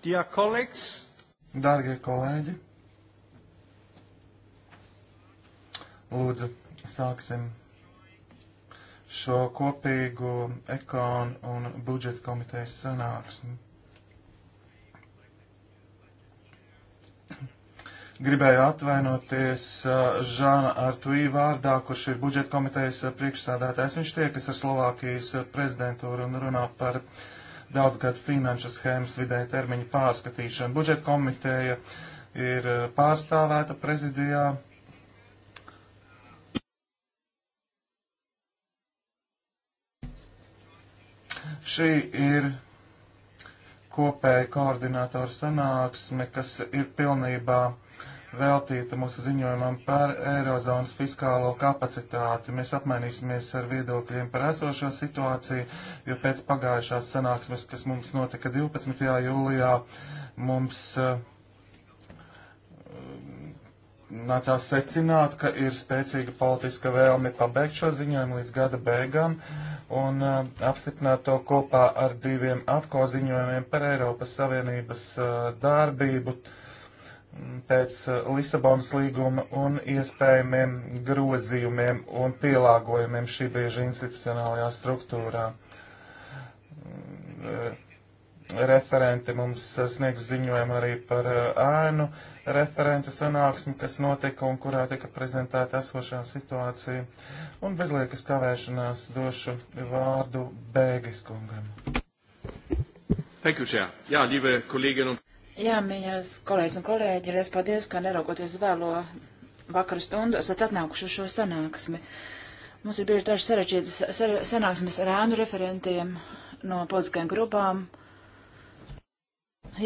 Dear colleagues, Dārgie kolēģi, lūdzu, sāksim šo kopīgo ekonu un budžeta komitejas sanāksmi. Gribēju atvainoties uh, Žāna Artuī vārdā, kurš ir budžeta komitejas uh, priekšsādātājs. Viņš tiekas ar Slovākijas uh, prezidentūru un runā par uh, daudzgadu finanšu schēmas vidēja termiņa pārskatīšanu. Budžeta komiteja ir eh, pārstāvēta prezidijā. Šī ir kopēja koordinātora sanāksme, kas ir pilnībā uh, veltīta mūsu ziņojumam par Eirozonas fiskālo kapacitāti. Mēs apmainīsimies ar viedokļiem par esošo situāciju, jo pēc pagājušās sanāksmes, kas mums notika 12. jūlijā, mums uh, nācās secināt, ka ir spēcīga politiska vēlme pabeigt šo ziņojumu līdz gada beigām un uh, apstiprināt to kopā ar diviem AFCO ziņojumiem par Eiropas Savienības uh, darbību. Uh, pēc uh, Lisabonas līguma un iespējamiem grozījumiem un pielāgojumiem šī brīža institucionālajā struktūrā. Mm, referenti mums uh, sniegs ziņojumu arī par uh, ēnu referenta sanāksmi, kas notika un kurā tika prezentēta esošā situācija. Un bez liekas kavēšanās došu vārdu Bēgis kungam. Thank you, Chair. Jā, liebe Kolleginnen un Jā, mīļās kolēģis un kolēģi, reiz paldies, ka neraugoties vēlo vakaru stundu, esat atnākuši uz šo sanāksmi. Mums ir bieži daži sarežģītas sanāksmes ar ēnu referentiem no politiskajām grupām.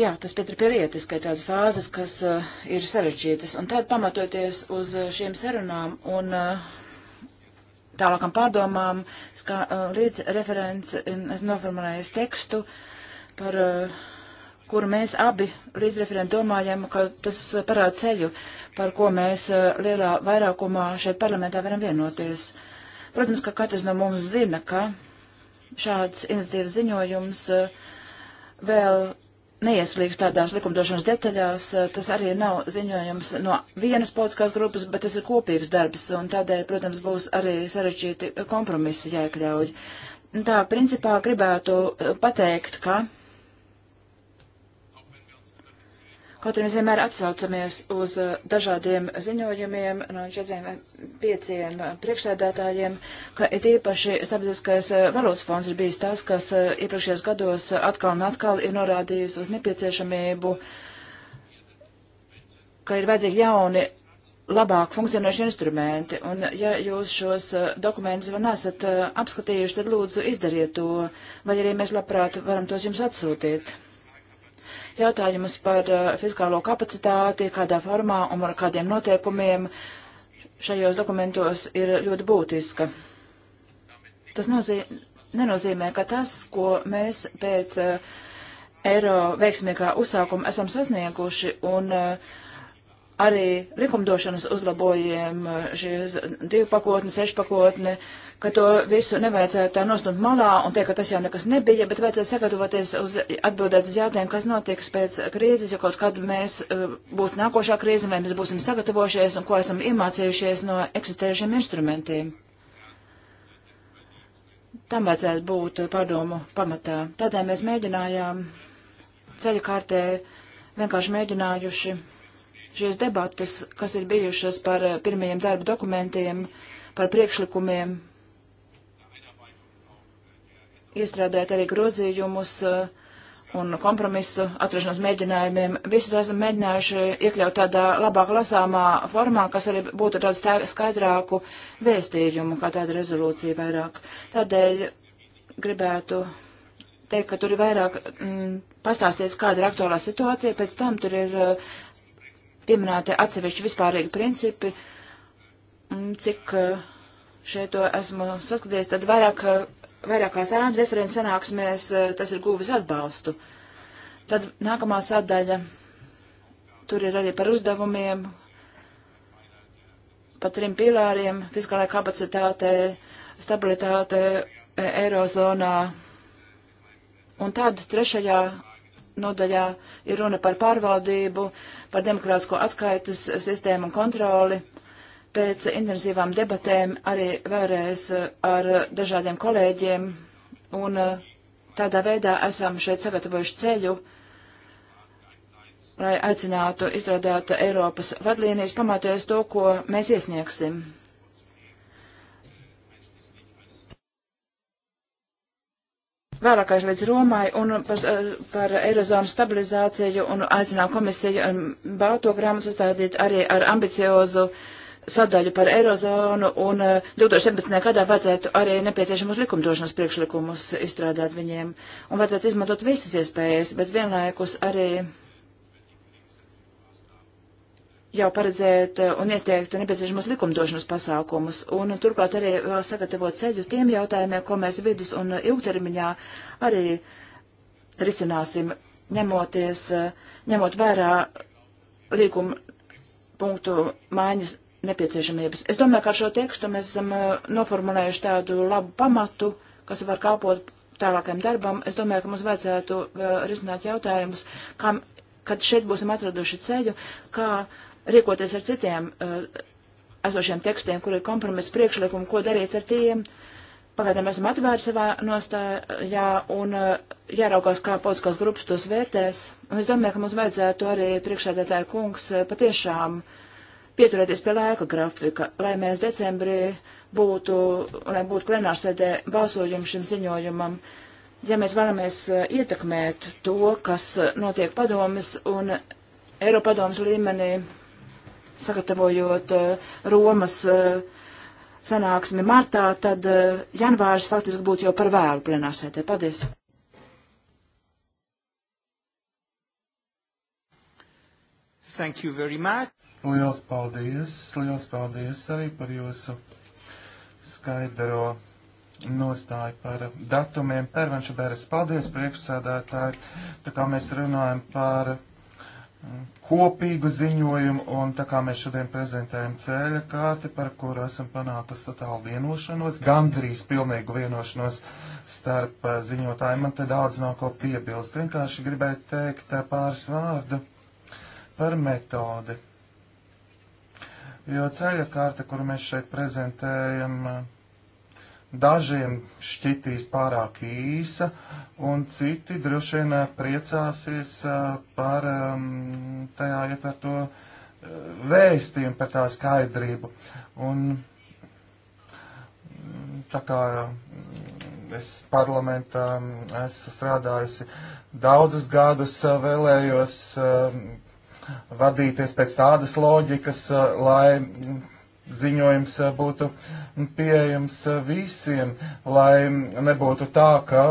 Jā, tas Pietra pierietis, ka ir tādas fāzes, kas uh, ir sarežģītas. Un tad pamatoties uz eh, šīm sarunām un uh, tālākam pārdomām, kā uh, līdz referents, es noformulēju tekstu par uh, kuru mēs abi līdzreferenti domājam, ka tas parāda ceļu, par ko mēs eh, lielā vairākumā šeit parlamentā varam vienoties. Protams, ka katrs no mums zina, ka šāds iniciatīvas ziņojums eh, vēl neieslīgs tādās likumdošanas detaļās. Eh, tas arī nav ziņojums no vienas politiskās grupas, bet tas ir kopības darbs, un tādēļ, protams, būs arī sarežģīti kompromisi jāiekļauj. Tā principā gribētu pateikt, ka Kaut arī mēs vienmēr atsaucamies uz eh, dažādiem ziņojumiem no četriem pieciem eh, priekšsēdētājiem, ka ir īpaši stabiliskais eh, valūtas fonds ir bijis tas, kas iepriekšējos gados atkal un atkal ir norādījis uz nepieciešamību, ka ir vajadzīgi jauni labāk funkcionējuši instrumenti, un ja jūs šos dokumentus vēl nesat apskatījuši, tad lūdzu izdariet to, vai arī mēs labprāt varam tos jums atsūtīt jautājumus par eh, fiskālo kapacitāti, kādā formā un ar kādiem noteikumiem šajos dokumentos ir ļoti būtiska. Tas nozīmē, nenozīmē, ka tas, ko mēs pēc eh, eiro veiksmīgā uzsākuma esam sasnieguši un uh, arī likumdošanas uzlabojiem šīs divu pakotni, sešu pakotni, ka to visu nevajadzētu tā nostumt malā un teikt, ka tas jau nekas nebija, bet vajadzētu sagatavoties uz atbildēt uz jautājumu, kas notiks pēc krīzes, jo kaut kad mēs uh, būs nākošā krīze, vai mēs būsim sagatavojušies un ko esam iemācījušies no eksistējušiem instrumentiem. Tam vajadzētu būt padomu pamatā. Tādēļ mēs mēģinājām ceļa kārtē vienkārši mēģinājuši šīs debatas, kas ir bijušas par uh, pirmajiem darba dokumentiem, par priekšlikumiem, iestrādājat arī grozījumus uh, un kompromisu atrašanos mēģinājumiem. Visu to esam mēģinājuši iekļaut tādā labāk lasāmā formā, kas arī būtu tādu skaidrāku vēstījumu, kā tāda rezolūcija vairāk. Tādēļ gribētu teikt, ka tur ir vairāk m, mm, pastāstīts, kāda ir aktuālā situācija, pēc tam tur ir uh, pieminēti atsevišķi vispārīgi principi, m, cik uh, šeit to esmu saskatījis, tad vairāk vairākās ēnu referents sanāksmēs eh, tas ir guvis atbalstu. Tad nākamā sadaļa, tur ir arī par uzdevumiem, par trim pilāriem - fiskālajā kapacitātē, stabilitāte Eirozonā. Un tad trešajā nodaļā ir runa par pārvaldību, par demokrātisko atskaitas sistēmu un kontroli pēc intensīvām debatēm arī vēlreiz eh, ar dažādiem kolēģiem un eh, tādā veidā esam šeit sagatavojuši ceļu, lai aicinātu izstrādāt Eiropas vadlīnijas pamatoties to, ko mēs iesniegsim. vēlākais līdz Romai un pas, eh, par Eirozonas stabilizāciju un aicinām komisiju un um, balto grāmatu sastādīt arī ar ambiciozu uh, sadaļu par Eirozonu un 2017. Eh, gadā vajadzētu arī nepieciešamos likumdošanas priekšlikumus izstrādāt viņiem un vajadzētu izmantot visas iespējas, bet vienlaikus arī jau paredzēt eh, un ieteikt nepieciešamos likumdošanas pasākumus un turklāt arī vēl eh, sagatavot ceļu tiem jautājumiem, ko mēs vidus un ilgtermiņā arī risināsim, ņemoties, ņemot vērā līguma punktu maiņas nepieciešamības. Es domāju, ka ar šo tekstu mēs esam uh, noformulējuši tādu labu pamatu, kas var kalpot tālākajam darbam. Es domāju, ka mums vajadzētu uh, risināt jautājumus, kā, kad šeit būsim atraduši ceļu, kā rīkoties ar citiem uh, esošiem tekstiem, kur ir kompromiss priekšlikumi, ko darīt ar tiem. Pagaidām esam atvērti savā nostājā un jāraugās, kā politiskās grupas tos vērtēs. Un es domāju, ka mums vajadzētu arī priekšsēdētāja kungs patiešām uh, pieturēties pie laika grafika, lai mēs decembrī būtu, lai būtu plenārsēdē balsojumi šim ziņojumam. Ja mēs vēlamies eh, ietekmēt to, kas eh, notiek padomis un Eiropadomas līmenī, sagatavojot uh, Romas uh, sanāksmi martā, tad uh, janvāris faktiski būtu jau par vēlu plenārsētē. Paldies! Thank you very much. Liels paldies! Liels paldies arī par jūsu skaidro nostāju par datumiem. Pērvenša Beres, paldies priekšsēdētāji. Tā kā mēs runājam par mm, kopīgu ziņojumu, un tā kā mēs šodien prezentējam ceļa kārti, par kuru esam panākusi totālu vienošanos, gandrīz pilnīgu vienošanos starp eh, ziņotājiem, man te daudz nav ko piebilst. Vienkārši gribēju teikt eh, pāris vārdu par metodi jo ceļa kārta, kuru mēs šeit prezentējam, dažiem šķitīs pārāk īsa, un citi droši vien eh, priecāsies eh, par ehm, tajā ietverto eh, vēstījumu, par tā skaidrību. Un, mm, tā kā mm, es parlamentā mm, esmu strādājusi daudzus gadus, vēlējos ehm, vadīties pēc tādas loģikas, eh, lai ziņojums eh, būtu pieejams eh, visiem, lai nebūtu tā, ka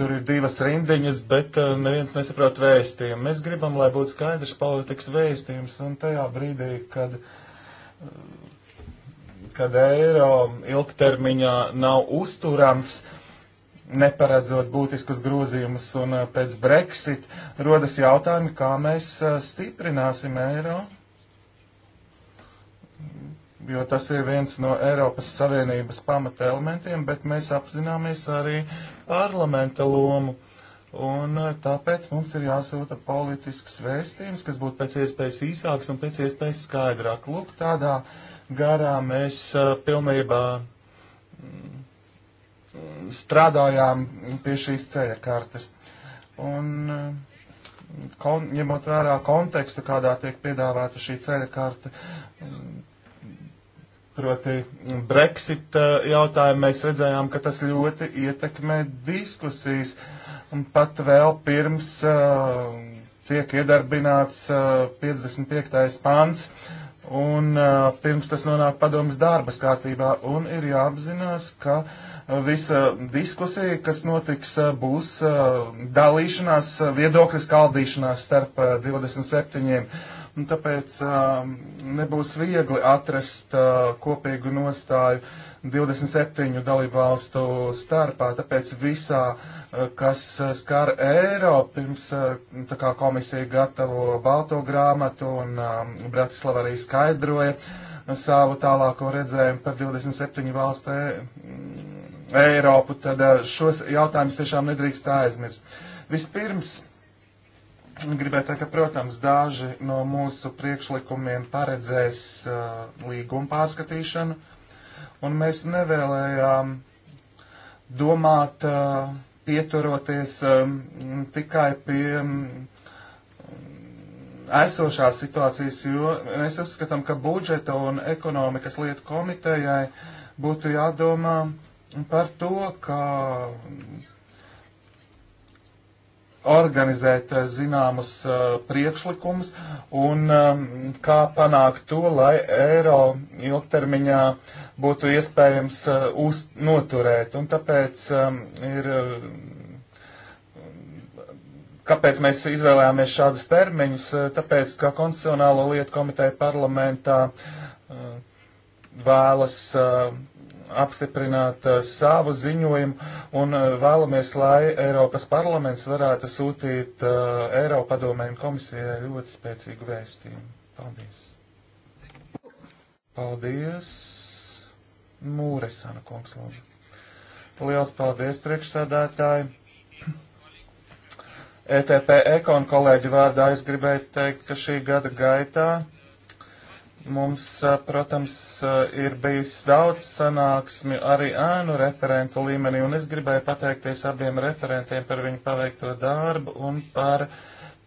tur ir divas rindiņas, bet neviens nesaprot vēstījumu. Mēs gribam, lai būtu skaidrs politikas vēstījums, un tajā brīdī, kad, kad eiro ilgtermiņā nav uzturams, uh, neparedzot būtiskus grozījumus, un uh, pēc Brexit rodas jautājumi, kā mēs uh, stiprināsim eiro, jo tas ir viens no Eiropas Savienības pamata elementiem, bet mēs apzināmies arī parlamenta lomu. Un uh, tāpēc mums ir jāsūta politisks vēstījums, kas būtu pēc iespējas īsāks un pēc iespējas skaidrāk. Lūk, tādā garā mēs pilnībā mm, strādājām pie šīs ceļa kartes. Un, kon, ņemot vērā kontekstu, kādā tiek piedāvāta šī ceļa karte, proti Brexit eh, jautājumu, mēs redzējām, ka tas ļoti ietekmē diskusijas. Un pat vēl pirms uh, tiek iedarbināts uh, eh, 55. pants, un uh, pirms tas nonāk padomas darbas kārtībā, un ir jāapzinās, ka uh, visa diskusija, kas notiks, eh, būs eh, dalīšanās, eh, viedokļa skaldīšanās starp 27. Un tāpēc nebūs viegli atrast kopīgu nostāju 27 dalību valstu starpā. Tāpēc visā, kas skar Eiropu, pirms tā kā komisija gatavo balto grāmatu un Bratislava arī skaidroja savu tālāko redzējumu par 27 valstu Eiropu, tad eh, šos jautājumus tiešām nedrīkst aizmirst. Vispirms gribētu teikt, ka, protams, daži no mūsu priekšlikumiem paredzēs uh, līguma pārskatīšanu, un mēs nevēlējām domāt, uh, pieturoties um, tikai pie um, esošās situācijas, jo mēs uzskatām, ka budžeta un ekonomikas lietu komitejai būtu jādomā, uh, par to, kā organizēt eh, zināmas eh, priekšlikumus un eh, kā panākt to, lai eiro ilgtermiņā būtu iespējams uz, noturēt. Un tāpēc ir kāpēc mēs izvēlējāmies šādus termiņus? Tāpēc, ka Konstitucionālo lietu komiteja parlamentā vēlas apstiprināt uh, savu ziņojumu un uh, vēlamies, lai Eiropas parlaments varētu sūtīt uh, Eiropadomēm komisijai ļoti spēcīgu vēstījumu. Paldies! Paldies! Mūresana kungs lūdzu. Liels paldies priekšsādātāji! ETP e ekonu kolēģi vārdā es gribēju teikt, ka šī gada gaitā Mums, protams, ir bijis daudz sanāksmi arī ēnu referentu līmenī, un es gribēju pateikties abiem referentiem par viņu paveikto darbu un par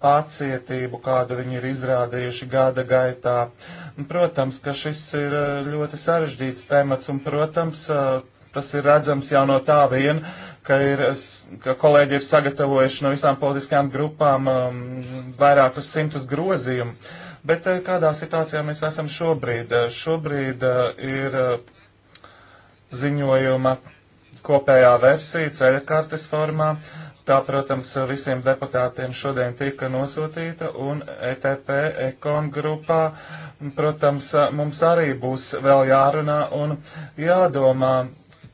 pacietību, kādu viņi ir izrādījuši gada gaitā. Protams, ka šis ir ļoti sarežģīts temats, un, protams, tas ir redzams jau no tā vien, ka, ir, ka kolēģi ir sagatavojuši no visām politiskajām grupām um, vairākus simtus grozījumu. Bet eh, kādā situācijā mēs esam šobrīd? Eh, šobrīd eh, ir ziņojuma kopējā versija ceļa kartes formā. Tā, protams, visiem deputātiem šodien tika nosūtīta un ETP ekon grupā. Protams, mums arī būs vēl jārunā un jādomā,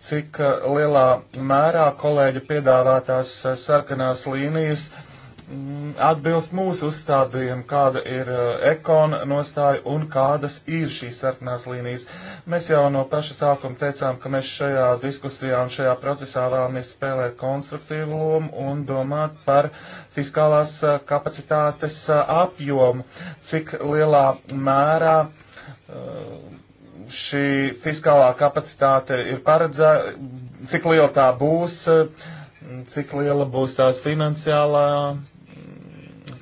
cik lielā mērā kolēģu piedāvātās sarkanās līnijas uh, Mm, atbilst mūsu uzstādījumam, kāda ir eh, ekona nostāja un kādas ir šīs sarkanās līnijas. Mēs jau no paša sākuma teicām, ka mēs šajā diskusijā un šajā procesā vēlamies spēlēt konstruktīvu lomu un domāt par fiskālās eh, kapacitātes eh, apjomu, cik lielā mērā šī fiskālā kapacitāte ir paredzēta, cik liela tā būs, cik liela būs tās finansiālā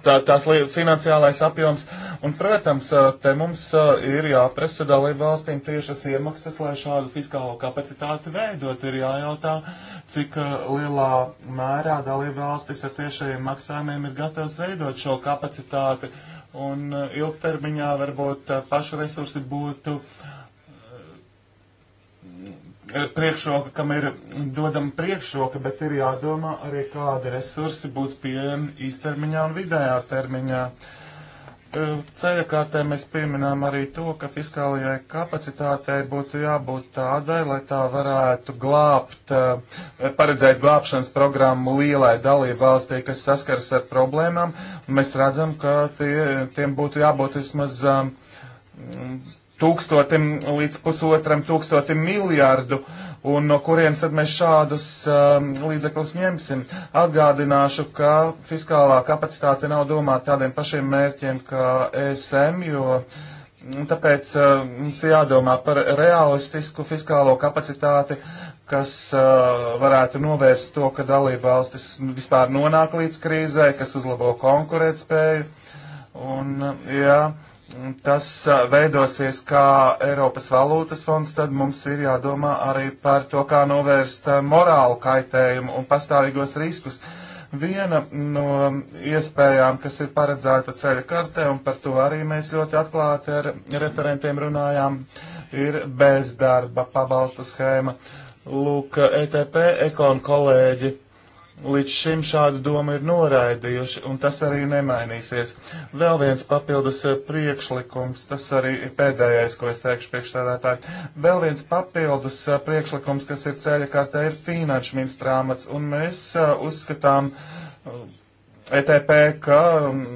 tā, tās finansiālais apjoms. Un, protams, te mums ir jāprasa dalību valstīm tiešas iemaksas, lai šādu fiskālo kapacitāti veidot. Ir jājautā, cik lielā mērā dalību valstis ar tiešajiem maksājumiem ir gatavs veidot šo kapacitāti. Un ilgtermiņā varbūt pašu resursi būtu Eh, priekšroka, kam ir dodama priekšroka, bet ir jādomā arī, kādi resursi būs pieejami īstermiņā un vidējā termiņā. Eh, ceļa kārtē mēs pieminām arī to, ka fiskālajai kapacitātei būtu jābūt tādai, lai tā varētu glābt, eh, paredzēt glābšanas programmu lielai dalību valstī, kas saskars ar problēmām. Mēs redzam, ka tie, tiem būtu jābūt vismaz um, tūkstotim līdz pusotram tūkstotim miljārdu, un no kurienes tad mēs šādus um, līdzekļus ņemsim. Atgādināšu, ka fiskālā kapacitāte nav domāta tādiem pašiem mērķiem kā ESM, jo tāpēc uh, mums jādomā par realistisku fiskālo kapacitāti kas uh, varētu novērst to, ka dalība valstis vispār nonāk līdz krīzē, kas uzlabo konkurētspēju. Un, uh, jā, uh, tas veidosies kā Eiropas valūtas fonds, tad mums ir jādomā arī par to, kā novērst morālu kaitējumu un pastāvīgos riskus. Viena no iespējām, kas ir paredzēta ceļa kartē, un par to arī mēs ļoti atklāti ar referentiem runājām, ir bezdarba pabalsta schēma. Lūk, ETP ekon kolēģi līdz šim šādu domu ir noraidījuši, un tas arī nemainīsies. Vēl viens papildus eh, priekšlikums, tas arī ir pēdējais, ko es teikšu priekšstādātāji. Vēl viens papildus eh, priekšlikums, kas ir ceļa kārtē, ir finanšu ministrāmats, un mēs uh, uzskatām uh, ETP, ka. Um,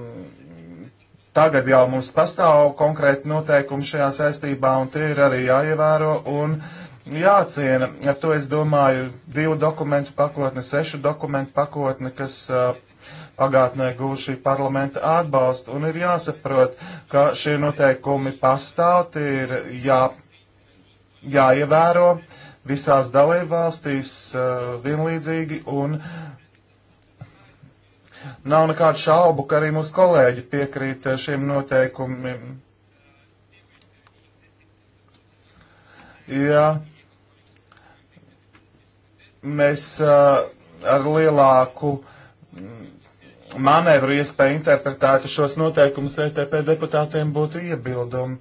Tagad jau mums pastāv konkrēti noteikumi šajā saistībā, un tie ir arī jāievēro. Un, uh, jāciena. Ar to es domāju divu dokumentu pakotni, sešu dokumentu pakotni, kas uh, pagātnē gūši parlamenta atbalstu. Un ir jāsaprot, ka šie noteikumi pastāv, tie ir jā, jāievēro visās dalībvalstīs uh, vienlīdzīgi un nav nekādu šaubu, ka arī mūsu kolēģi piekrīt šiem noteikumiem. Jā. Ja mēs uh, ar lielāku mm, manevru iespēju interpretētu šos noteikumus ETP deputātiem būtu iebildumi.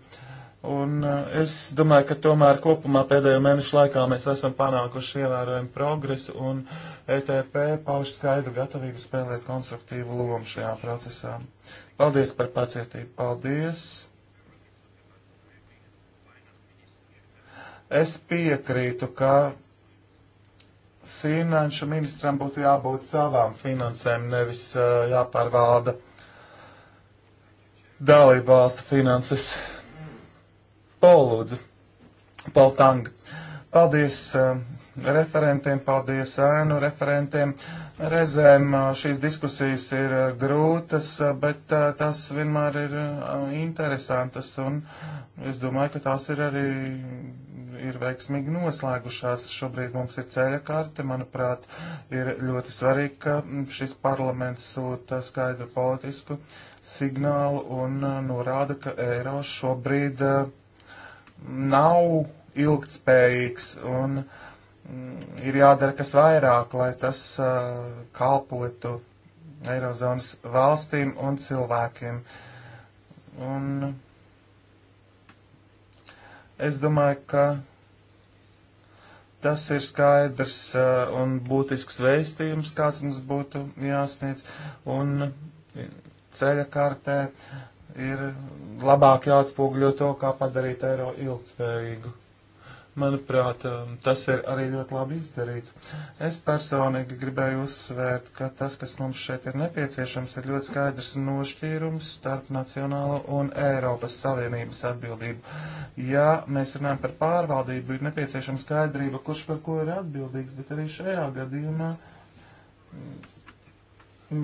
Un uh, es domāju, ka tomēr kopumā pēdējo mēnešu laikā mēs esam panākuši ievērojumu progresu un ETP pauž skaidru gatavību spēlēt konstruktīvu lomu šajā procesā. Paldies par pacietību. Paldies. Es piekrītu, ka finanšu ministram būtu jābūt savām finansēm, nevis uh, jāpārvalda dalību valstu finanses. Polūdzu, Poltang. Paldies uh, referentiem, paldies ēnu referentiem. Reizēm uh, šīs diskusijas ir uh, grūtas, bet tās vienmēr ir interesantas, un es domāju, ka tās ir arī ir veiksmīgi noslēgušās. Šobrīd mums ir ceļa karte. Manuprāt, ir ļoti svarīgi, ka šis parlaments sūta skaidru politisku signālu un uh, norāda, ka eiro šobrīd uh, nav ilgtspējīgs un mm, ir jādara kas vairāk, lai tas uh, kalpotu eirozonas valstīm un cilvēkiem. Un es domāju, ka Tas ir skaidrs uh, un būtisks vēstījums, kāds mums būtu jāsniedz. Un uh, ceļa kartē ir labāk jāatspūgļo to, kā padarīt eiro ilgspējīgu. Manuprāt, um, tas ir arī ļoti labi izdarīts. Es personīgi gribēju uzsvērt, ka tas, kas mums šeit ir nepieciešams, ir ļoti skaidrs nošķīrums starp Nacionālo un Eiropas Savienības atbildību. Ja mēs runājam par pārvaldību, ir nepieciešama skaidrība, kurš par ko ir atbildīgs, bet arī šajā gadījumā mm,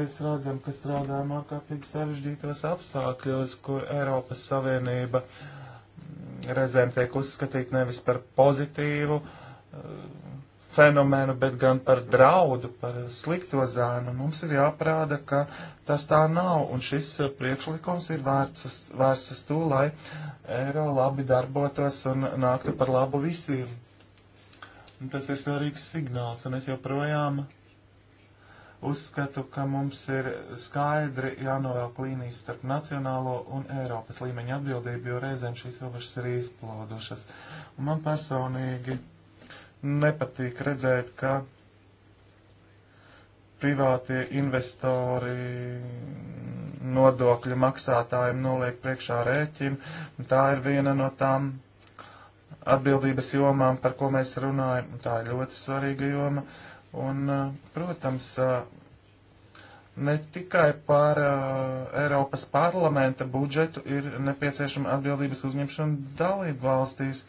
mēs redzam, ka strādājam ārkārtīgi sarežģītos apstākļos, kur Eiropas Savienība uh, reizēm tiek uzskatīt nevis par pozitīvu eh, fenomenu, bet gan par draudu, par slikto zēnu. Mums ir jāprāda, ka tas tā nav, un šis eh, priekšlikums ir vērsts uz to, lai eiro labi darbotos un nāktu par labu visiem. Un tas ir svarīgs signāls, un es joprojām Uzskatu, ka mums ir skaidri jānovelk līnijas starp nacionālo un Eiropas līmeņa atbildību, jo reizēm šīs robežas ir izplaudušas. Un man personīgi nepatīk redzēt, ka privātie investori nodokļu maksātājiem noliek priekšā rēķinu. Tā ir viena no tām atbildības jomām, par ko mēs runājam. Tā ir ļoti svarīga joma. Un, eh, protams, eh, ne tikai par eh, Eiropas parlamenta budžetu ir nepieciešama atbildības uzņemšana dalību valstīs.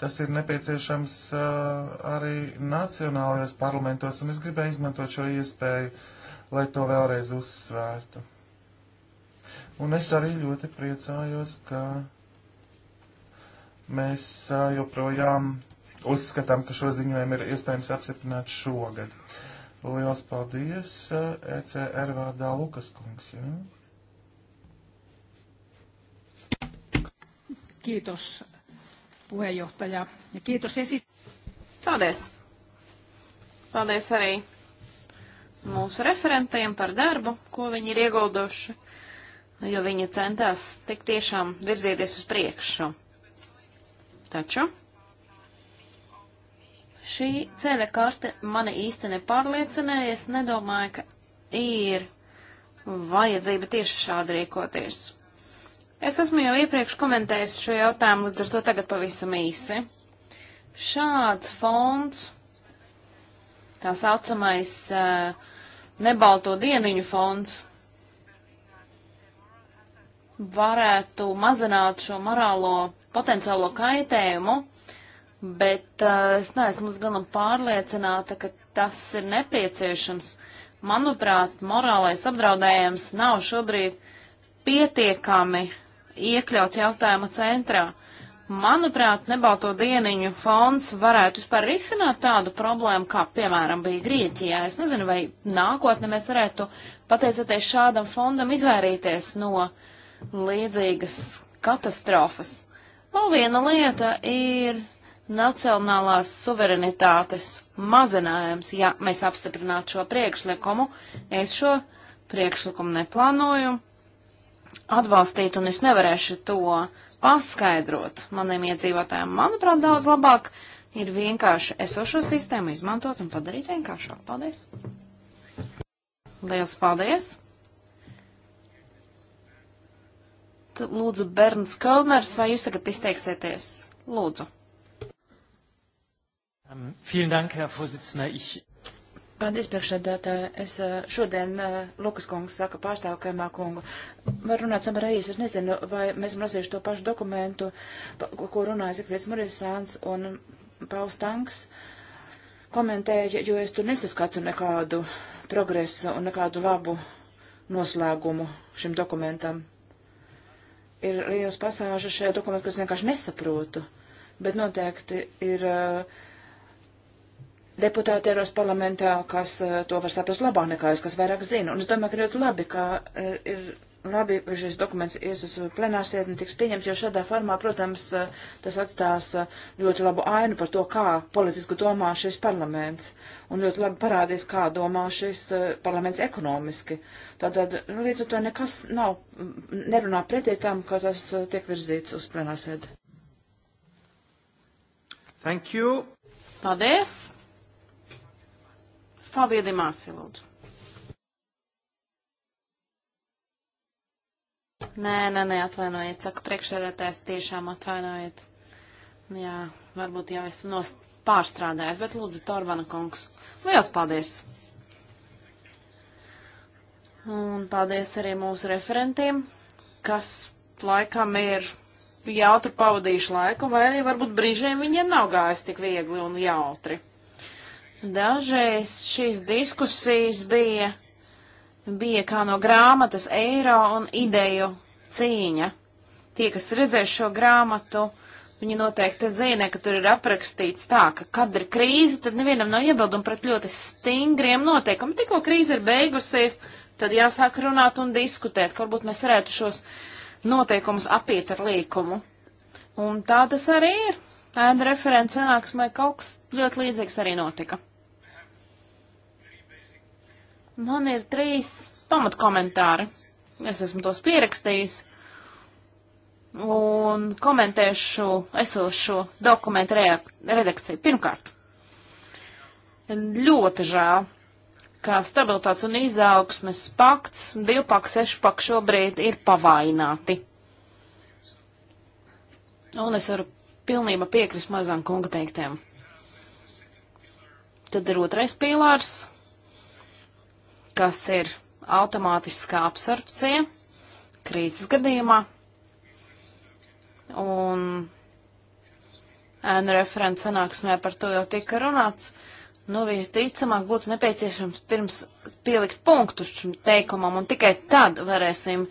Tas ir nepieciešams arī nacionālajos parlamentos, un es gribēju izmantot šo iespēju, lai to vēlreiz uzsvērtu. Un es arī ļoti priecājos, ka mēs joprojām uzskatām, ka šo ziņojumu ir iespējams apstiprināt šogad. Lielas paldies, ECR eh, e vārdā Lukas kungs. Ja? Kiitos puheenjohtaja ja kiitos esi... Paldies. Paldies arī mūsu referentiem par darbu, ko viņi ir iegulduši, jo viņi centās tik tiešām virzieties uz priekšu. Taču Šī ceļa karte mani īsti nepārliecinēja. Es nedomāju, ka ir vajadzība tieši šādi rīkoties. Es esmu jau iepriekš komentējis šo jautājumu, līdz ar to tagad pavisam īsi. Šāds fonds, tā saucamais eh, nebalto dieniņu fonds, varētu mazināt šo morālo potenciālo kaitējumu bet uh, es neesmu gana pārliecināta, ka tas ir nepieciešams. Manuprāt, morālais apdraudējums nav šobrīd pietiekami iekļauts jautājuma centrā. Manuprāt, nebalto dieniņu fonds varētu vispār risināt tādu problēmu, kā, piemēram, bija Grieķijā. Es nezinu, vai nākotnē mēs varētu, pateicoties šādam fondam, izvairīties no līdzīgas katastrofas. Vēl viena lieta ir nacionālās suverenitātes mazinājums, ja mēs apstiprinātu šo priekšlikumu. Es šo priekšlikumu neplānoju atbalstīt, un es nevarēšu to paskaidrot maniem iedzīvotājiem. Manuprāt, daudz labāk ir vienkārši esošo sistēmu izmantot un padarīt vienkāršāk. Paldies! Liels paldies! Tad lūdzu, Bernds Kalmers, vai jūs tagad izteiksieties? Lūdzu! Um, Dank, ich... Paldies, priekšsēdētāji. Es šodien Lukas kungs saka pārstāvu Kaimā kungu. Var runāt samarā īsi, es nezinu, vai mēs esam lasījuši to pašu dokumentu, pa, ko runāja Zikvies Murisāns un Paus Tanks komentēja, jo es tur nesaskatu nekādu progresu un nekādu labu noslēgumu šim dokumentam. Ir lielas pasāžas šajā dokumentā, kas vienkārši nesaprotu, bet noteikti ir uh, deputāti Eiros parlamentā, kas eh, to var saprast labāk nekā es, kas vairāk zina. Un es domāju, ka ļoti labi, ka eh, ir labi, ka šis dokuments ies uz plenārsēdni tiks pieņemts, jo šādā formā, protams, eh, tas atstās ļoti labu ainu par to, kā politiski domā šis parlaments. Un ļoti labi parādīs, kā domā šis parlaments ekonomiski. Tātad nu, līdz ar to nekas nav, mm, nerunā pretī tam, ka tas tiek virzīts uz plenārsēdi. Thank you. Paldies. Fabija Dimāsi, lūdzu. Nē, nē, nē, atvainojiet, saka priekšsēdētājs, tiešām atvainojiet. Jā, varbūt jau esmu nost pārstrādājis, bet lūdzu, Torvana kungs, liels paldies! Un paldies arī mūsu referentiem, kas laikam ir jautri pavadījuši laiku, vai arī varbūt brīžiem viņiem nav gājis tik viegli un jautri. Dažreiz šīs diskusijas bija, bija kā no grāmatas eiro un ideju cīņa. Tie, kas redzēs šo grāmatu, viņi noteikti zina, ka tur ir aprakstīts tā, ka kad ir krīze, tad nevienam nav iebildumi pret ļoti stingriem noteikumiem. Tikko krīze ir beigusies, tad jāsāk runāt un diskutēt. Varbūt mēs varētu šos noteikumus apiet ar līkumu. Un tā tas arī ir. Ēna referents sanāksmē kaut kas ļoti līdzīgs arī notika. Man ir trīs pamatkomentāri. Es esmu tos pierakstījis un komentēšu esošo dokumentu redakciju. Pirmkārt, ļoti žēl, ka stabilitātes un izaugsmes pakts, divpaks, sešpaks šobrīd ir pavaināti. Un es varu pilnībā piekrist mazām kunga teiktēm. Tad ir otrais pīlārs kas ir automātiskā absorpcija krīzes gadījumā. Un ēnu referents sanāksmē par to jau tika runāts. Nu, visticamāk būtu nepieciešams pirms pielikt punktu šim teikumam, un tikai tad varēsim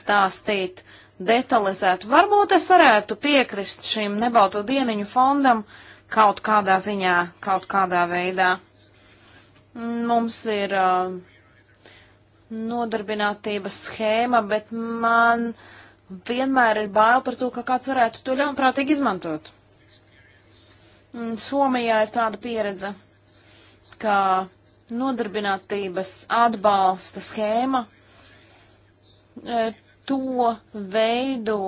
stāstīt detalizēt. Varbūt es varētu piekrist šim nebalto dieniņu fondam kaut kādā ziņā, kaut kādā veidā. Mums ir uh, nodarbinātības schēma, bet man vienmēr ir bail par to, ka kāds varētu to ļaunprātīgi izmantot. Somijā ir tāda pieredze, ka nodarbinātības atbalsta schēma e, to veido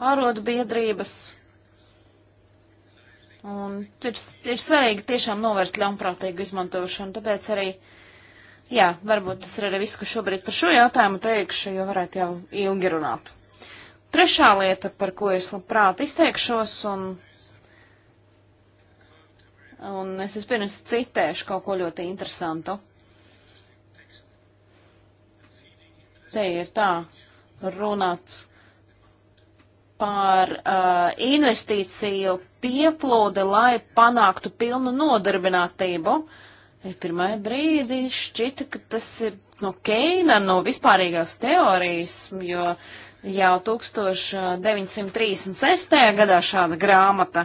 arotbiedrības. Un ir, ir svarīgi tiešām novērst ļaunprātīgu izmantošanu, tāpēc arī uh, Jā, varbūt tas ir arī viss, ko šobrīd par šo jautājumu teikšu, jo varētu jau ilgi runāt. Trešā lieta, par ko es labprāt izteikšos, un, un es vispirms citēšu kaut ko ļoti interesantu. Te ir tā runāts par uh, investīciju pieplūdi, lai panāktu pilnu nodarbinātību. Uh, Pirmā brīdī šķita, ka tas ir no Keina, no vispārīgās teorijas, jo jau 1936. gadā šāda grāmata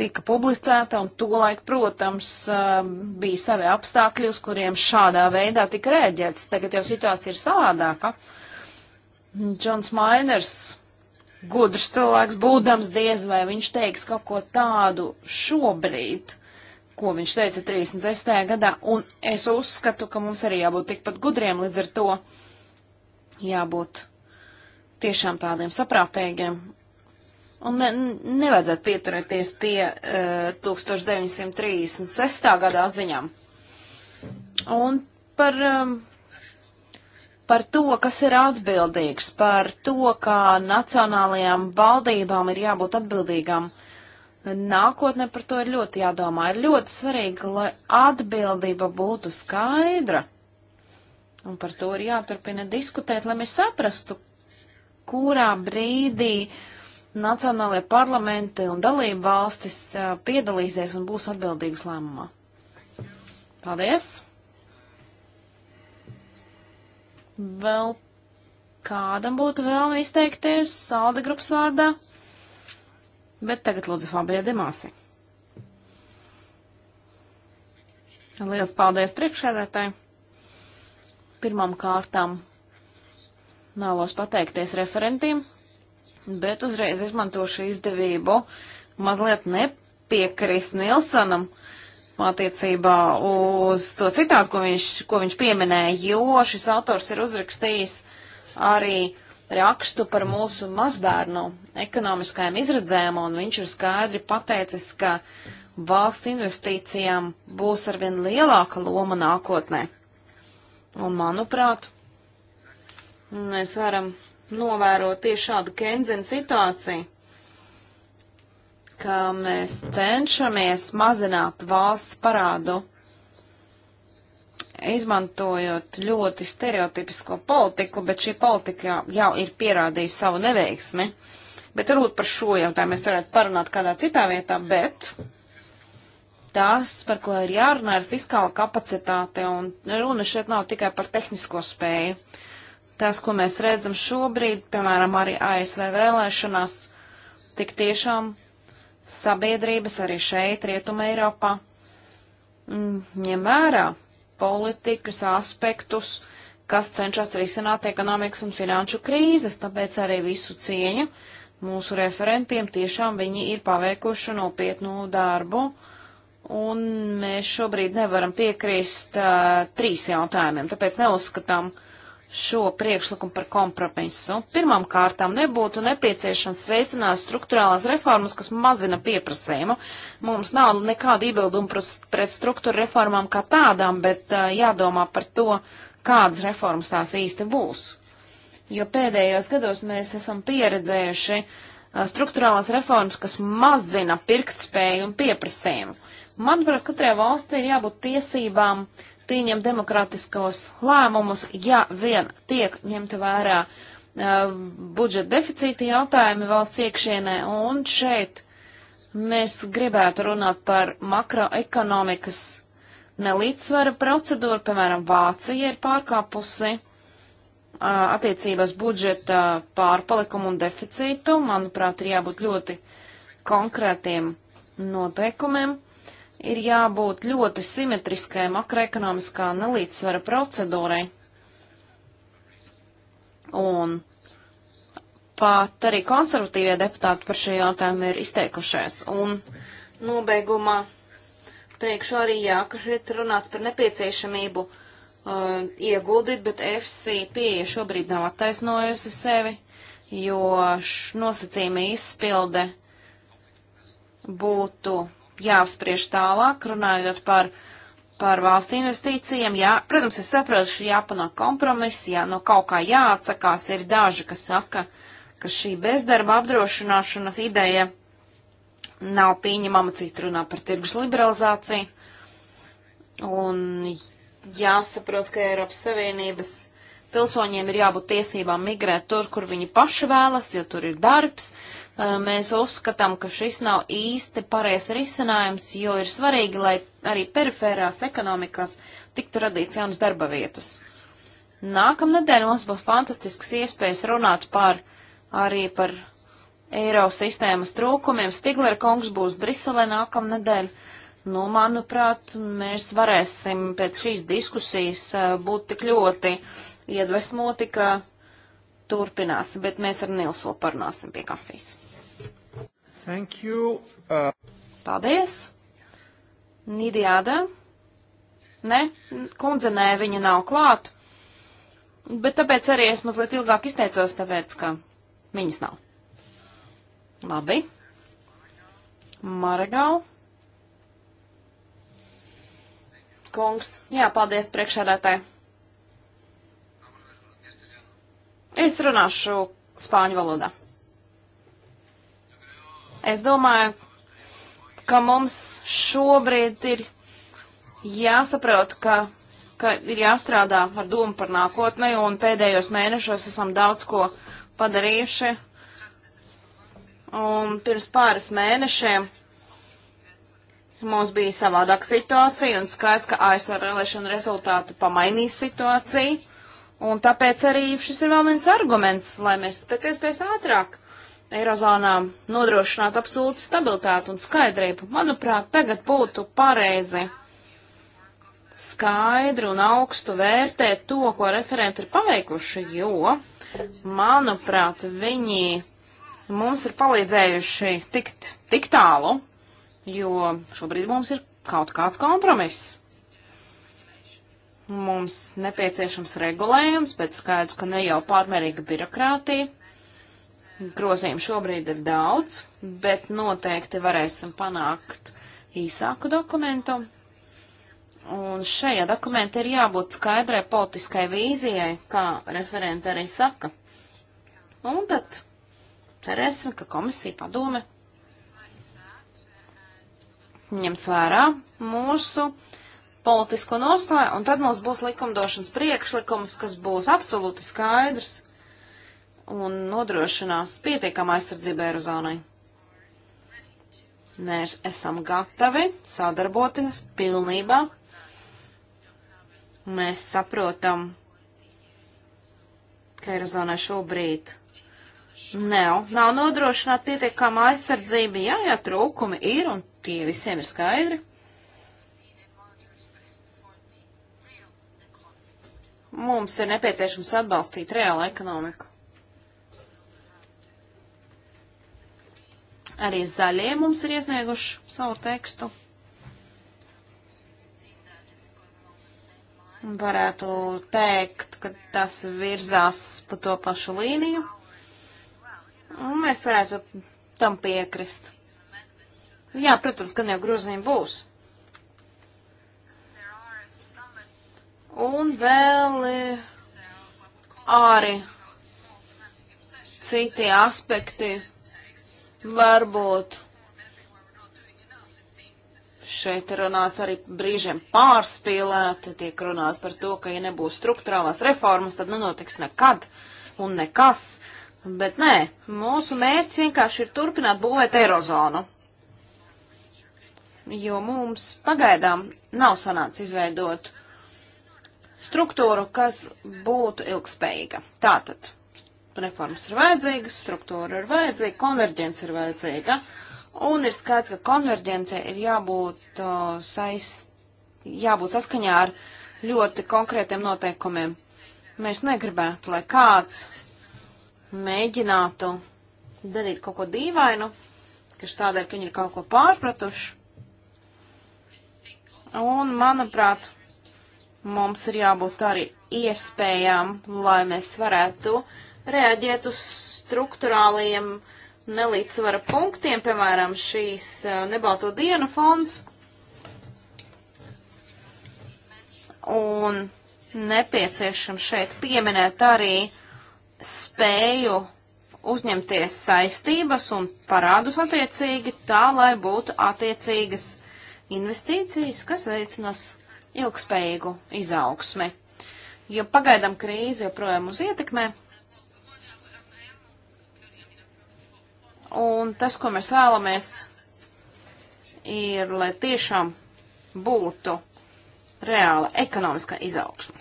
tika publicēta, un tolaik, protams, um, bija savi apstākļi, uz kuriem šādā veidā tika rēģēts. Tagad jau situācija ir savādāka. Džons Mainers, gudrs cilvēks būdams, diez vai viņš teiks kaut ko tādu šobrīd ko viņš teica 36. gadā, un es uzskatu, ka mums arī jābūt tikpat gudriem, līdz ar to jābūt tiešām tādiem saprātīgiem. Un ne, nevajadzētu pieturēties pie uh, eh, 1936. gada atziņām. Un par, um, par to, kas ir atbildīgs, par to, kā nacionālajām valdībām ir jābūt atbildīgām uh, nākotnē par to ir ļoti jādomā. Ir ļoti svarīgi, lai atbildība būtu skaidra. Un par to ir jāturpina diskutēt, lai mēs saprastu, kurā brīdī nacionālajie parlamenti un dalību valstis piedalīsies un būs atbildīgas lēmumā. Paldies! Vēl kādam būtu vēlmi izteikties salda grupas vārdā? Bet tagad lūdzu Fabija Demāsi. Liels paldies priekšsēdētāji. Pirmām kārtām nālos pateikties referentiem, bet uzreiz izmantošu izdevību mazliet nepiekrist Nilsonam attiecībā uz to citātu, ko viņš, ko viņš pieminēja, jo šis autors ir uzrakstījis arī rakstu par mūsu mazbērnu ekonomiskajām izredzēm, un viņš ir skaidri pateicis, ka valsts investīcijām būs arvien lielāka loma nākotnē. Un, manuprāt, mēs varam novērot tieši šādu Kenzina situāciju, ka mēs cenšamies mazināt valsts parādu izmantojot ļoti stereotipisko politiku, bet šī politika jau ir pierādījusi savu neveiksmi. Bet varbūt par šo jautājumu mēs varētu parunāt kādā citā vietā, bet tās, par ko ir jārunā, ir fiskāla kapacitāte, un runa šeit nav tikai par tehnisko spēju. Tas, ko mēs redzam šobrīd, piemēram, arī ASV vēlēšanās, tik tiešām sabiedrības arī šeit, Rietuma Eiropā, mm, ņem vērā politikas aspektus, kas cenšas risināt ekonomikas un finanšu krīzes, tāpēc arī visu cieņu mūsu referentiem tiešām viņi ir paveikuši nopietnu darbu. Un mēs šobrīd nevaram piekrist uh, trīs jautājumiem, tāpēc neuzskatām, uh, šo priekšlikumu par kompromisu. Pirmām kārtām nebūtu nepieciešams veicināt struktūrālās reformas, kas mazina pieprasījumu. Mums nav nekāda iebilduma pret struktūra reformām kā tādām, bet uh, jādomā par to, kādas reformas tās īsti būs. Jo pēdējos gados mēs esam pieredzējuši uh, struktūrālās reformas, kas mazina pirktspēju un pieprasījumu. Manuprāt, katrai valstī ir jābūt tiesībām uh, pieņem demokrātiskos lēmumus, ja vien tiek ņemta vērā uh, budžeta deficīta jautājumi valsts iekšienē. Un šeit mēs gribētu runāt par makroekonomikas nelīdzsvara procedūru, piemēram, Vācija ir pārkāpusi uh, attiecībās budžeta pārpalikumu un deficītu, manuprāt, ir jābūt ļoti konkrētiem noteikumiem ir jābūt ļoti simetriskai makroekonomiskā nelīdzsvara procedūrai. Un pat arī konservatīvie deputāti par šo jautājumu ir izteikušies. Un nobeigumā teikšu arī, jā, ka šeit runāts par nepieciešamību uh, ieguldīt, bet FC pieeja šobrīd nav attaisnojusi sevi, jo nosacījuma izpilde būtu jāapspriež tālāk, runājot par, par valsts investīcijiem. Jā, protams, es saprotu, šī jāpanāk kompromiss, jā, no kaut kā jāatsakās. Ir daži, kas saka, ka šī bezdarba apdrošināšanas ideja nav pieņemama, citi runā par tirgus liberalizāciju. Un jāsaprot, ka Eiropas Savienības pilsoņiem ir jābūt tiesībām migrēt tur, kur viņi paši vēlas, jo tur ir darbs, Eh, mēs uzskatām, ka šis nav īsti pareizs risinājums, jo ir svarīgi, lai arī perifērās ekonomikas tiktu radīts jaunas darba vietas. Nākamnedēļ mums būs fantastisks iespējas runāt par arī par eiro sistēmas trūkumiem. Stiglera kungs būs Briselē nākamnedēļ. Nu, manuprāt, mēs varēsim pēc šīs diskusijas eh, būt tik ļoti iedvesmoti, ka turpināsim, bet mēs ar Nilsu parunāsim pie kafijas. Thank you. Uh... Paldies. Nidijāda? Nē, kundze, nē, viņa nav klāt. Bet tāpēc arī es mazliet ilgāk izteicos, tāpēc, ka viņas nav. Labi. Maragau. Kungs. Jā, paldies priekšādātāji. Es runāšu spāņu valodā. Es domāju, ka mums šobrīd ir jāsaprot, ka, ka ir jāstrādā ar domu par nākotni, un pēdējos mēnešos esam daudz ko padarījuši. Un pirms pāris mēnešiem mums bija savādāka situācija, un skaidrs, ka ASV vēlēšana rezultāti pamainīs situāciju. Un tāpēc arī šis ir vēl viens arguments, lai mēs pēc iespējas ātrāk Eirozonā nodrošināt absolūtu stabilitātu un skaidrību. Manuprāt, tagad būtu pareizi skaidru un augstu vērtēt to, ko referenti ir paveikuši, jo, manuprāt, viņi mums ir palīdzējuši tikt tik tālu, jo šobrīd mums ir kaut kāds kompromiss. Mums nepieciešams regulējums, bet skaidrs, ka ne jau pārmērīga birokrātija. Grozījumu šobrīd ir daudz, bet noteikti varēsim panākt īsāku dokumentu. Un šajā dokumentā ir jābūt skaidrai politiskai vīzijai, kā referenta arī saka. Un tad cerēsim, ka komisija padome ņems vērā mūsu politisko nostāju, un tad mums būs likumdošanas priekšlikums, kas būs absolūti skaidrs un nodrošinās pietiekama aizsardzība Eirozonai. Mēs esam gatavi sadarboties pilnībā. Mēs saprotam, ka Eirozonai šobrīd nav, nav nodrošināta pietiekama aizsardzība. Jā, jā, trūkumi ir un tie visiem ir skaidri. Mums ir nepieciešams atbalstīt reālu ekonomiku. Arī zaļie mums ir iesnieguši savu tekstu. Varētu teikt, ka tas virzās pa to pašu līniju. Un mēs varētu tam piekrist. Jā, protams, gan jau grozījumi būs. Un vēl arī citi aspekti, Varbūt šeit runāts arī brīžiem pārspīlēti, tiek runāts par to, ka ja nebūs struktūrālās reformas, tad nenotiks nekad un nekas. Bet nē, mūsu mērķis vienkārši ir turpināt būvēt eirozonu. Jo mums pagaidām nav sanācis izveidot struktūru, kas būtu ilgspējīga. Tātad reformas ir vajadzīgas, struktūra ir vajadzīga, konverģence ir vajadzīga. Un ir skaidrs, ka konverģence ir jābūt, uh, saist, jābūt saskaņā ar ļoti konkrētiem noteikumiem. Mēs negribētu, lai kāds mēģinātu darīt kaut ko dīvainu, kas tādēļ, ka viņi ir kaut ko pārpratuši. Un, manuprāt, mums ir jābūt arī iespējām, lai mēs varētu uh, reaģēt uz struktūrāliem nelīdzsvara punktiem, piemēram, šīs eh, nebalto dienu fonds. Un nepieciešams šeit pieminēt arī spēju uzņemties saistības un parādus attiecīgi tā, lai būtu attiecīgas investīcijas, kas veicinās ilgspējīgu izaugsmi. Jo pagaidām krīze joprojām uz ietekmē, Un tas, ko mēs vēlamies, ir, lai tiešām būtu reāla ekonomiskā izaugsme.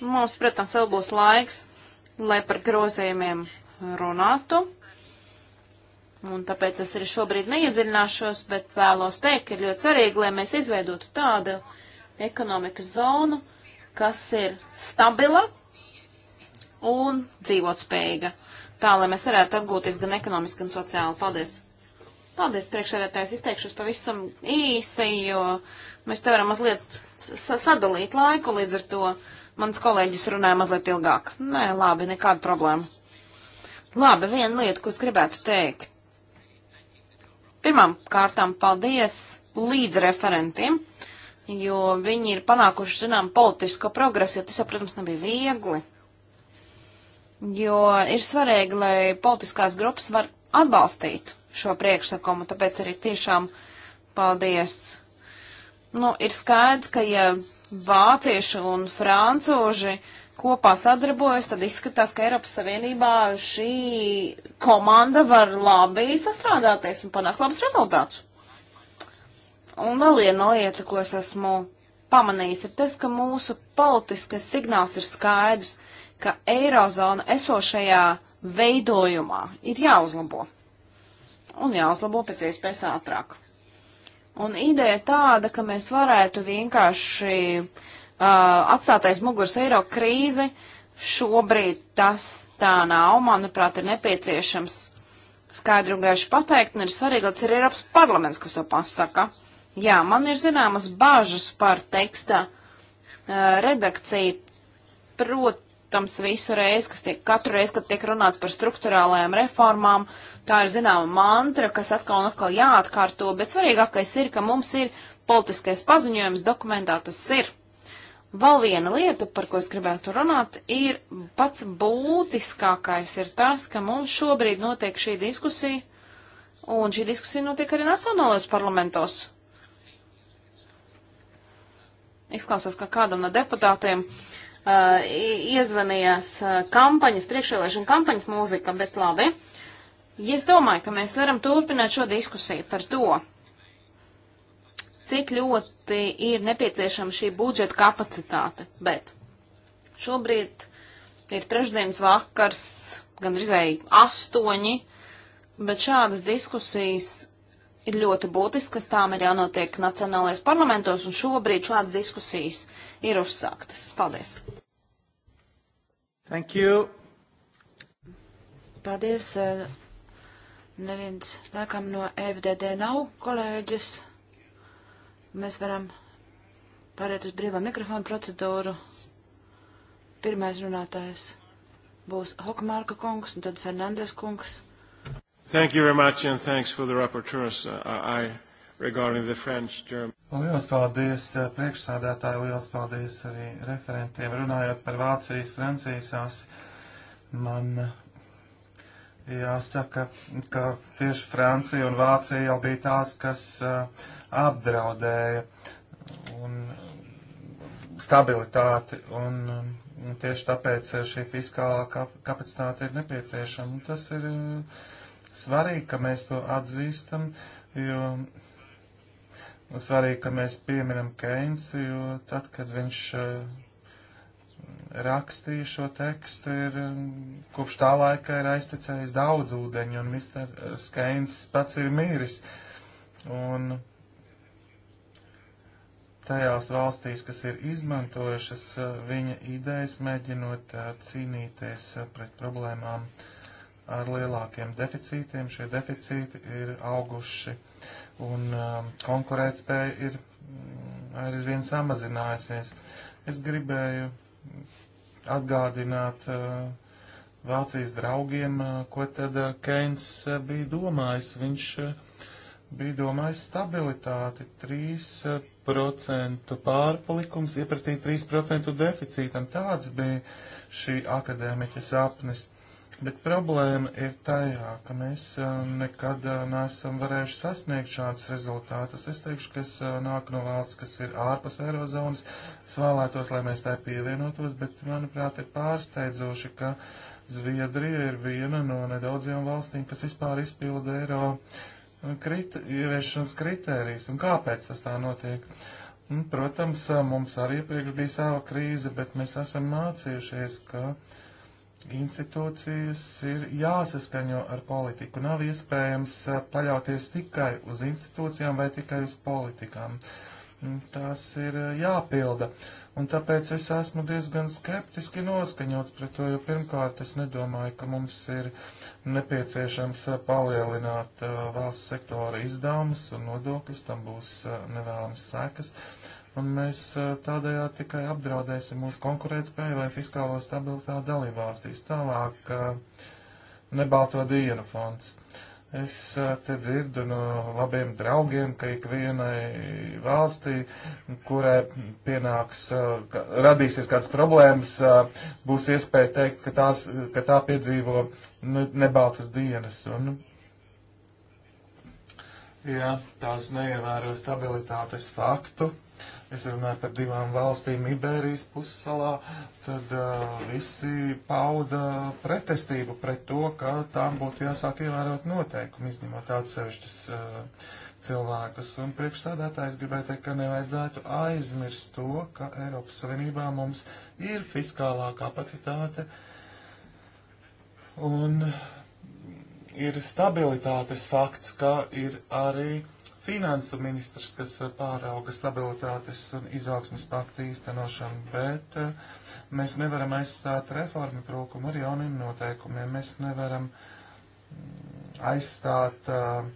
Mums, protams, vēl būs laiks, lai par grozījumiem runātu. Un tāpēc es arī šobrīd neiedziļināšos, bet vēlos teikt, ka ir ļoti svarīgi, lai mēs izveidotu tādu ekonomikas zonu, kas ir stabila, un dzīvot spējīga. Tā, lai mēs varētu atgūties gan ekonomiski, gan sociāli. Paldies! Paldies, priekšsēdētājs, izteikšos pavisam īsi, jo mēs te varam mazliet sadalīt laiku, līdz ar to mans kolēģis runāja mazliet ilgāk. Nē, labi, nekāda problēma. Labi, viena lieta, ko es gribētu teikt. Pirmām kārtām paldies līdz referentiem, jo viņi ir panākuši, zinām, politisko progresu, jo tas, jau, protams, nebija viegli jo ir svarīgi, lai politiskās grupas var atbalstīt šo priekšsakumu, tāpēc arī tiešām paldies. Nu, ir skaidrs, ka ja vācieši un francūži kopā sadarbojas, tad izskatās, ka Eiropas Savienībā šī komanda var labi sastrādāties un panākt labus rezultātus. Un vēl viena lieta, ko es esmu pamanījis, ir tas, ka mūsu politiskais signāls ir skaidrs ka Eirozona esošajā veidojumā ir jāuzlabo. Un jāuzlabo pēc iespējas ātrāk. Un ideja tāda, ka mēs varētu vienkārši uh, atstāt aiz muguras eiro krīzi, šobrīd tas tā nav. Manuprāt, ir nepieciešams skaidri un gaiši pateikt, un ir svarīgi, lai tas ir Eiropas parlaments, kas to pasaka. Jā, man ir zināmas bāžas par teksta uh, redakciju, prot, protams, visu reizi, kas tiek, katru reizi, kad tiek runāts par struktūrālajām reformām, tā ir zināma mantra, kas atkal un atkal jāatkārto, bet svarīgākais ir, ka mums ir politiskais paziņojums dokumentā tas ir. Vēl viena lieta, par ko es gribētu runāt, ir pats būtiskākais ir tas, ka mums šobrīd notiek šī diskusija, un šī diskusija notiek arī nacionālajos parlamentos. Izklausās, ka kādam no deputātiem uh, Uh, iezvanījās uh, kampaņas, priekšvēlēšana kampaņas mūzika, bet labi. Es domāju, ka mēs varam turpināt šo diskusiju par to, cik ļoti ir nepieciešama šī budžeta kapacitāte, bet šobrīd ir trešdienas vakars, gandrīz astoņi, bet šādas diskusijas ir ļoti būtiskas, tām ir jānotiek nacionālais parlamentos, un šobrīd šāda diskusijas ir uzsāktas. Paldies! Thank you! Paldies! Eh, neviens laikam no FDD nav kolēģis. Mēs varam pāriet uz brīvā mikrofona procedūru. Pirmais runātājs būs Hokmārka kungs un tad Fernandes kungs. Thank you very much and thanks for the rapporteurs. Uh, I, regarding the French German. Lielas paldies uh, priekšsādātāji, liels paldies arī referentiem. Runājot par Vācijas, Francijas asi, man jāsaka, ka tieši Francija un Vācija jau bija tās, kas uh, apdraudēja un uh, stabilitāti un um, tieši tāpēc uh, šī fiskālā kapacitāte ir nepieciešama. Tas ir uh, Svarīgi, ka mēs to atzīstam, jo svarīgi, ka mēs pieminam Keinsu, jo tad, kad viņš eh, rakstīja šo tekstu, ir eh, kopš tā laika ir aiztecējis daudz ūdeņu, un Mr. Keins pats ir mīris. Un tajās valstīs, kas ir izmantojušas eh, viņa idejas, mēģinot cīnīties pret problēmām. Uh, ar lielākiem deficītiem. Šie deficīti ir auguši un um, konkurētspēja ir mm, aizvien samazinājusies. Es gribēju atgādināt uh, Vācijas draugiem, uh, ko tad uh, Keins uh, bija domājis. Viņš uh, bija domājis stabilitāti 3% uh, pārpalikums, iepratīja 3% deficītam. Tāds bija šī akadēmiķa sapnis. Bet problēma ir tajā, ka mēs nekad neesam varējuši sasniegt šādus rezultātus. Es teikšu, ka es nāku no valsts, kas ir ārpus Eirozonas, es vēlētos, lai mēs tā pievienotos, bet, manuprāt, ir pārsteidzoši, ka Zviedrija ir viena no nedaudzajām valstīm, kas vispār izpilda eiro krit ieviešanas kritērijas. Un kāpēc tas tā notiek? Un, protams, mums arī iepriekš bija sava krīze, bet mēs esam mācījušies, ka. Uh, institūcijas ir jāsaskaņo ar politiku. Nav iespējams eh, paļauties tikai uz institūcijām vai tikai uz politikām. Mm, Tās ir eh, jāpilda. Un tāpēc es esmu diezgan skeptiski noskaņots pret to, jo pirmkārt es nedomāju, ka mums ir nepieciešams eh, palielināt valsts sektora izdevumus un nodokļus, tam būs nevēlams sekas. Uh, un mēs tādējādi tikai apdraudēsim mūsu konkurētspēju vai fiskālo stabilitāti dalībvalstīs. Tālāk, nebalto dienu fonds. Es te dzirdu no labiem draugiem, ka ikvienai valstī, kurai pienāks, ka radīsies kādas problēmas, būs iespēja teikt, ka, tās, ka tā piedzīvo nebaltas dienas. Un, ja tās neievēro stabilitātes faktu, es runāju par divām valstīm Iberijas pussalā, tad uh, visi pauda pretestību pret to, ka tām būtu jāsāk ievērot noteikumi, izņemot atsevišķas uh, cilvēkus. Un priekšsādātājs gribēja teikt, ka nevajadzētu aizmirst to, ka Eiropas Savienībā mums ir fiskālā kapacitāte un ir stabilitātes fakts, ka ir arī finansu ministrs, kas eh, pārauga stabilitātes un izaugsmas paktu īstenošanu, bet eh, mēs nevaram aizstāt reformu trūkumu ar jauniem noteikumiem. Mēs nevaram mm, aizstāt uh,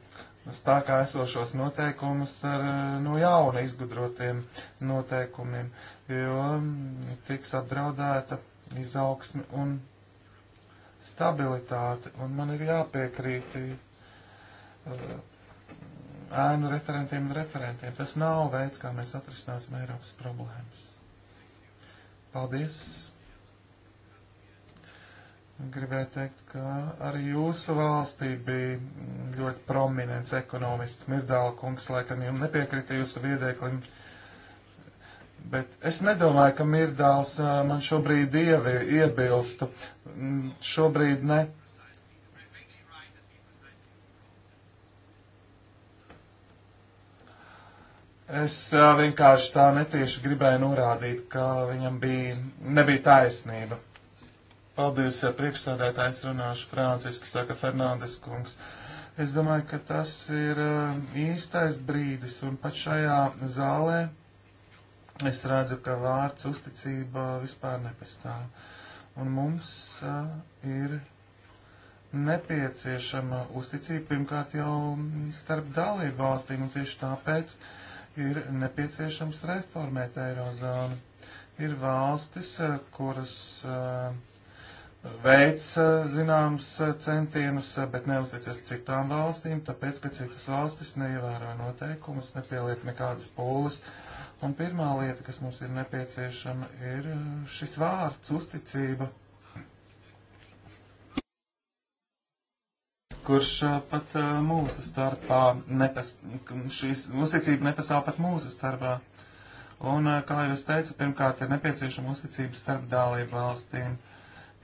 spēkā esošos noteikumus ar no jauna izgudrotiem noteikumiem, jo mm, tiks apdraudēta izaugsme un stabilitāte. Un man ir jāpiekrīt uh, ēnu referentiem un referentiem. Tas nav veids, kā mēs atrisināsim Eiropas problēmas. Paldies! Gribēju teikt, ka arī jūsu valstī bija ļoti prominents ekonomists Mirdāla kungs, laikam jums nepiekrita jūsu viedēklim, bet es nedomāju, ka Mirdāls uh, man šobrīd ievi, iebilstu. Mm, šobrīd ne Es vienkārši tā netieši gribēju norādīt, ka viņam bija, nebija taisnība. Paldies, ja priekšstādētājs runāšu franciski, saka Fernandes kungs. Es domāju, ka tas ir īstais brīdis, un pat šajā zālē es redzu, ka vārds uzticība vispār nepastāv. Un mums uh, ir nepieciešama uzticība pirmkārt jau starp dalību valstīm, un tieši tāpēc uh, ir nepieciešams reformēt Eirozonu. Ir valstis, eh, kuras eh, veids eh, zināms centienus, bet neuzticas citām valstīm, tāpēc, ka citas valstis neievēro noteikumus, nepieliek nekādas pūles. Un pirmā lieta, kas mums ir nepieciešama, ir šis vārds - uzticība kurš pat mūsu starpā, nepas, šīs uzticība nepastāv pat mūsu starpā. Un, kā jau es teicu, pirmkārt ir nepieciešama uzticība starp dalību valstīm.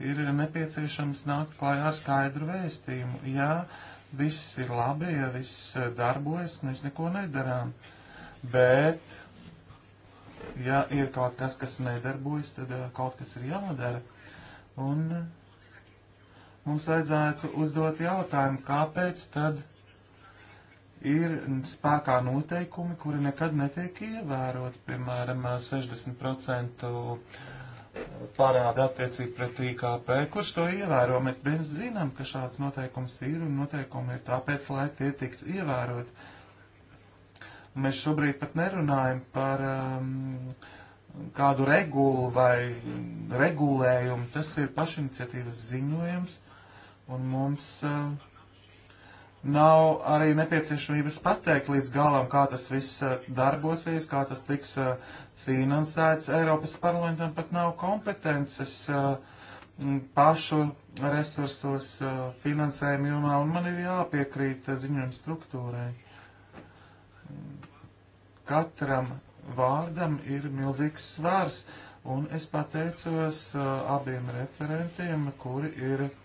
Ir nepieciešams nākt klājā ar skaidru vēstījumu. Jā, viss ir labi, ja viss darbojas, mēs neko nedarām. Bet, ja ir kaut kas, kas nedarbojas, tad kaut kas ir jādara. Un mums vajadzētu uzdot jautājumu, kāpēc tad ir spēkā noteikumi, kuri nekad netiek ievēroti, piemēram, 60% parāda attiecība pret IKP, kurš to ievēro, bet mēs zinām, ka šāds noteikums ir un noteikumi ir tāpēc, lai tie tiktu ievēroti. Mēs šobrīd pat nerunājam par um, kādu regulu vai regulējumu, tas ir pašiniciatīvas ziņojums Un mums uh, nav arī nepieciešamības pateikt līdz galam, kā tas viss eh, darbosies, kā tas tiks eh, finansēts. Eiropas parlamentam pat nav kompetences pašu resursos finansējuma jomā, un man ir jāpiekrīt ziņojuma struktūrai. Katram vārdam ir milzīgs svars, un es pateicos abiem referentiem, kuri ir uh,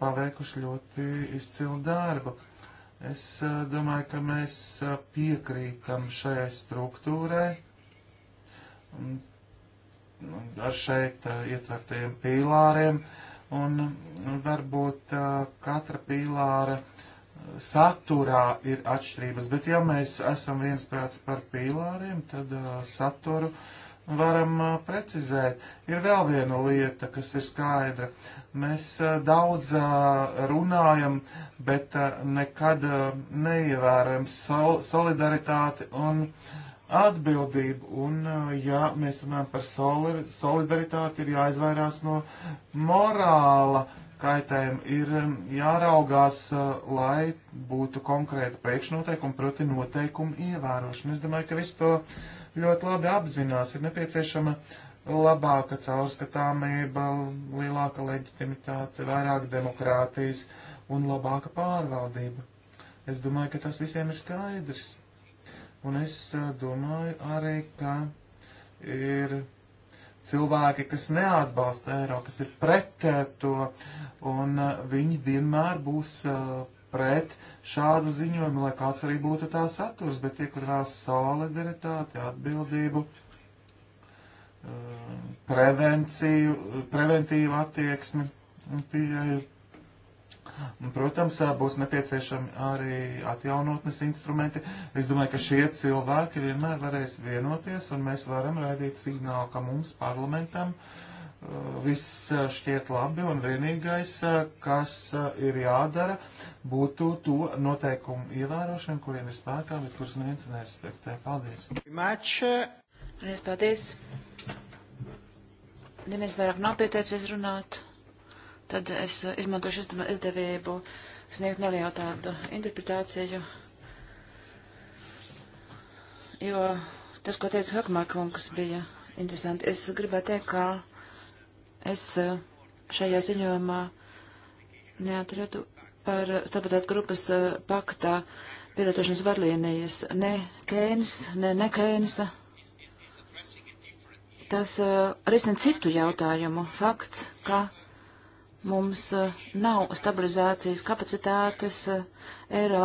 paveikuši ļoti izcilu darbu. Es eh, domāju, ka mēs eh, piekrītam šai struktūrai nu, ar šeit eh, ietvertajiem pīlāriem, un nu, varbūt katra pīlāra saturā ir atšķirības, bet ja mēs esam viensprāts par pīlāriem, tad saturu uh, varam precizēt. Ir vēl viena lieta, kas ir skaidra. Mēs daudz runājam, bet nekad neievērojam sol solidaritāti un atbildību. Un, ja mēs runājam par solidaritāti, ir jāizvairās no morāla kaitējuma. Ir jāraugās, lai būtu konkrēta priekšnoteikuma, proti noteikuma ievērošana. Es domāju, ka visu to ļoti labi apzinās. Ir nepieciešama labāka caurskatāmība, lielāka leģitimitāte, vairāk demokrātijas un labāka pārvaldība. Es domāju, ka tas visiem ir skaidrs. Un es eh, domāju arī, ka ir cilvēki, kas neatbalsta eiro, kas ir pret eh, to, un eh, viņi vienmēr būs pret šādu ziņojumu, lai kāds arī būtu tā saturs, bet iekurinās solidaritāti, atbildību, um, prevenciju, preventīvu attieksmi un pieeju. Protams, būs nepieciešami arī atjaunotnes instrumenti. Es domāju, ka šie cilvēki vienmēr varēs vienoties, un mēs varam raidīt signālu, ka mums parlamentam uh, viss eh, šķiet labi un vienīgais, eh, kas eh, ir jādara, būtu to noteikumu ievērošana, kuriem ir spēkā, bet kurus neviens nerespektē. Paldies! Mač! Paldies, paldies! Neviens vairāk nav pieteicies runāt, tad es izmantošu izdevību sniegt nelielu tādu interpretāciju, jo tas, ko teica Hakmārkungs, bija interesanti. Es gribētu teikt, ka es eh, šajā ziņojumā neatradu par stabilitātes grupas eh, paktā pielietošanas vadlīnijas. Ne Kēnis, ne Nekēnis. Tas eh, risina citu jautājumu. Fakts, ka mums nav stabilizācijas kapacitātes eiro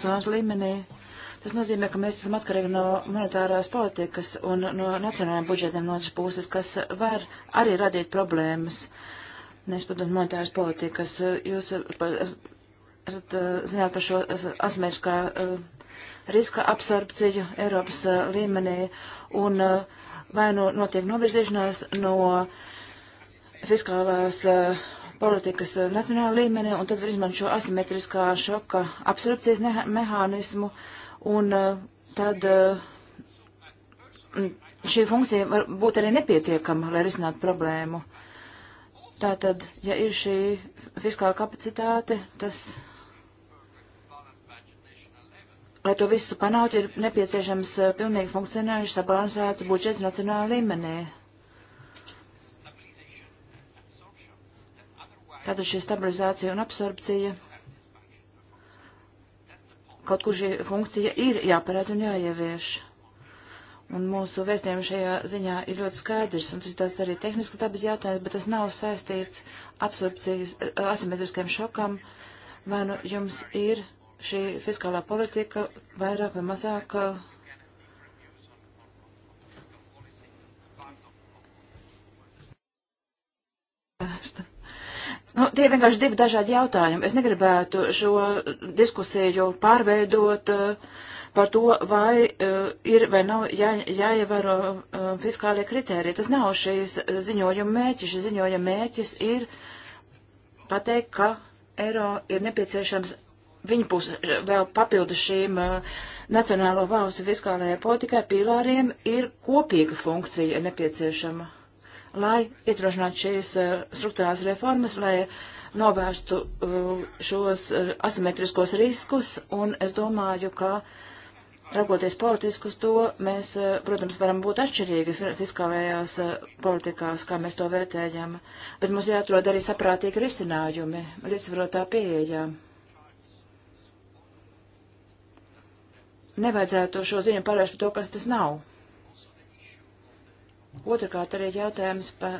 zonas līmenī. Uh, Tas nozīmē, ka mēs esam atkarīgi no monetārās politikas un no nacionālajiem budžetiem no otras puses, kas var arī radīt problēmas, nespatot monetāras politikas. Jūs esat eh, zināt par šo asmērskā eh, riska absorpciju Eiropas eh, līmenī un vai nu notiek novirzīšanās no fiskālās uh, politikas nacionāla līmenī, un tad var izmantot šo asimetriskā šoka absorpcijas mehānismu, un uh, tad uh, šī funkcija var būt arī nepietiekama, lai risinātu problēmu. Tātad, ja ir šī fiskāla kapacitāte, tas, lai to visu panāktu, ir nepieciešams uh, pilnīgi funkcionējuši sabalansēts budžets nacionālā līmenī. Tātad šī stabilizācija un absorpcija kaut kur šī funkcija ir jāparāda un jāievieš. Un mūsu vēstījumi šajā ziņā ir ļoti skaidrs, un tas ir tāds arī tehniski dabas jautājums, bet tas nav saistīts absorpcijas eh, asimetriskiem šokam, vai nu jums ir šī fiskālā politika vairāk vai mazāk uh, Nu, tie ir vienkārši divi dažādi jautājumi. Es negribētu šo diskusiju pārveidot uh, par to, vai uh, ir vai nav jā, jāievēro uh, fiskālie kritēriji. Tas nav šīs ziņojuma mēķis. Šis ziņojuma mēķis ir pateikt, ka eiro ir nepieciešams viņa puse vēl papildus šīm uh, nacionālo valstu fiskālajai politikai pīlāriem ir kopīga funkcija nepieciešama lai iedrošinātu šīs eh, struktūrās reformas, lai novērstu eh, šos eh, asimetriskos riskus, un es domāju, ka Raugoties politiski uz to, mēs, protams, varam būt atšķirīgi fiskālajās politikās, kā mēs to vērtējam, bet mums jāatrod arī saprātīgi risinājumi, līdzsvarotā pieeja. Nevajadzētu šo ziņu pārvērst par to, kas tas nav. Otrakārt arī jautājums par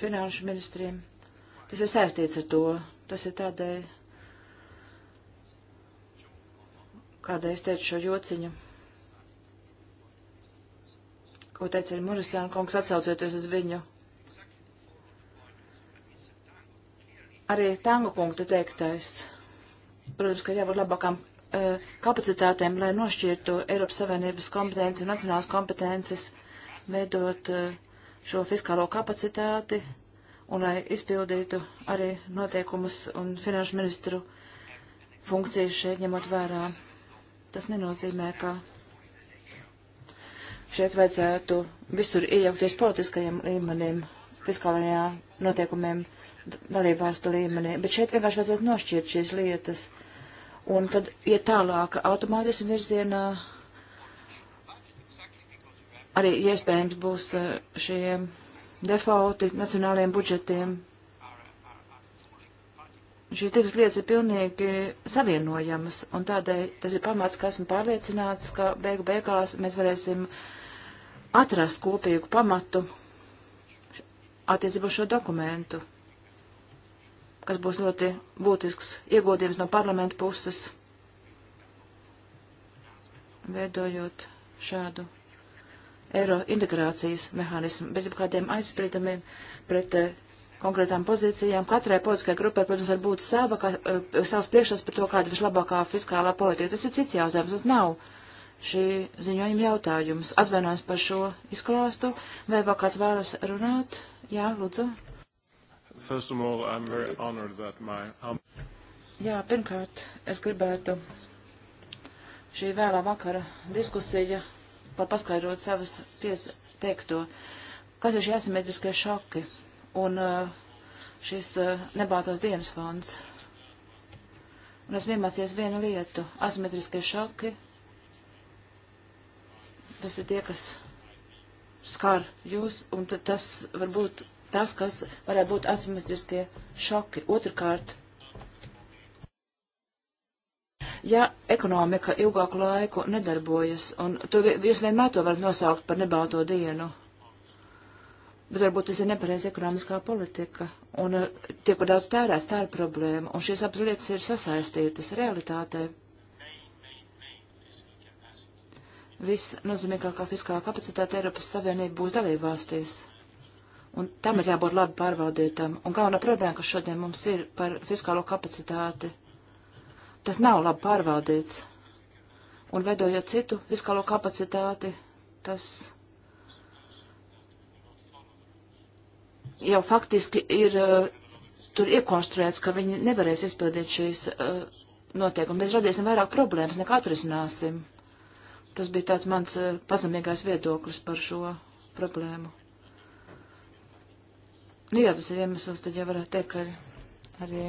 finanšu ministriem. Tas ir saistīts ar to. Tas ir tādēļ, kādēļ es teicu šo jociņu. Ko teica arī Murisjāna kungs atsaucoties uz viņu. Arī tangu punktu teiktais. Protams, ka jābūt labākām eh, kapacitātēm, lai nošķirtu Eiropas Savienības kompetences un nacionālas kompetences veidot eh, šo fiskālo kapacitāti un lai izpildītu arī noteikumus un finanšu ministru funkcijas šeit ņemot vērā. Tas nenozīmē, ka šeit vajadzētu visur iejaukties politiskajiem līmenim, fiskālajā noteikumiem dalībvalstu līmenī, bet šeit vienkārši vajadzētu nošķirt šīs lietas un tad iet ja tālāk automātiski virzienā arī iespējams būs eh, šie defaulti nacionālajiem budžetiem. Šīs divas lietas ir pilnīgi savienojamas, un tādēļ tas ir pamats, ka esmu pārliecināts, ka beigu beigās mēs varēsim atrast kopīgu pamatu attiecību uz šo dokumentu, kas būs ļoti būtisks ieguldījums no parlamenta puses, veidojot šādu eiro integrācijas mehānismu bez jebkādiem aizspriedumiem pret uh, konkrētām pozīcijām. Katrai politiskajai grupai, protams, var būt sava, kā, uh, eh, savs priekšstats par to, kāda ir vislabākā fiskālā politika. Tas ir cits jautājums, tas nav šī ziņojuma jautājums. Atvainojos par šo izklāstu. Vai vēl kāds vēlas runāt? Jā, lūdzu. First of all, I'm very honored that my... Jā, pirmkārt, es gribētu šī vēlā vakara diskusija lai paskaidrotu savas tiesas teikto, kas ir šie asimetriskie šoki un uh, šis uh, nebātās dienas fonds. Un esmu iemācījies vienu lietu - asimetriskie šoki. Tas ir tie, kas skar jūs, un tas var būt tas, kas varētu būt asimetriskie šoki. Otrkārt, Ja ekonomika ilgāku laiku nedarbojas, un to, jūs vienmēr to varat nosaukt par nebalto dienu, bet varbūt tas ir nepareiz ekonomiskā politika, un eh, tiek par daudz tērēts, tā ir problēma, un šīs abas lietas ir sasaistītas realitātē. Viss nozīmīgākā fiskālā kapacitāte Eiropas Savienība būs dalībvalstīs. Un tam ir jābūt labi pārvaldītam. Un galvenā problēma, kas šodien mums ir par fiskālo kapacitāti, tas nav labi pārvaldīts. Un veidojot citu fiskālo kapacitāti, tas jau faktiski ir uh, tur iekonstruēts, ka viņi nevarēs izpildīt šīs uh, noteikumus. Mēs radīsim vairāk problēmas, nekā atrisināsim. Tas bija tāds mans uh, pazemīgais viedoklis par šo problēmu. Nu, jā, tas ir iemesls, tad jau varētu teikt, ka arī. arī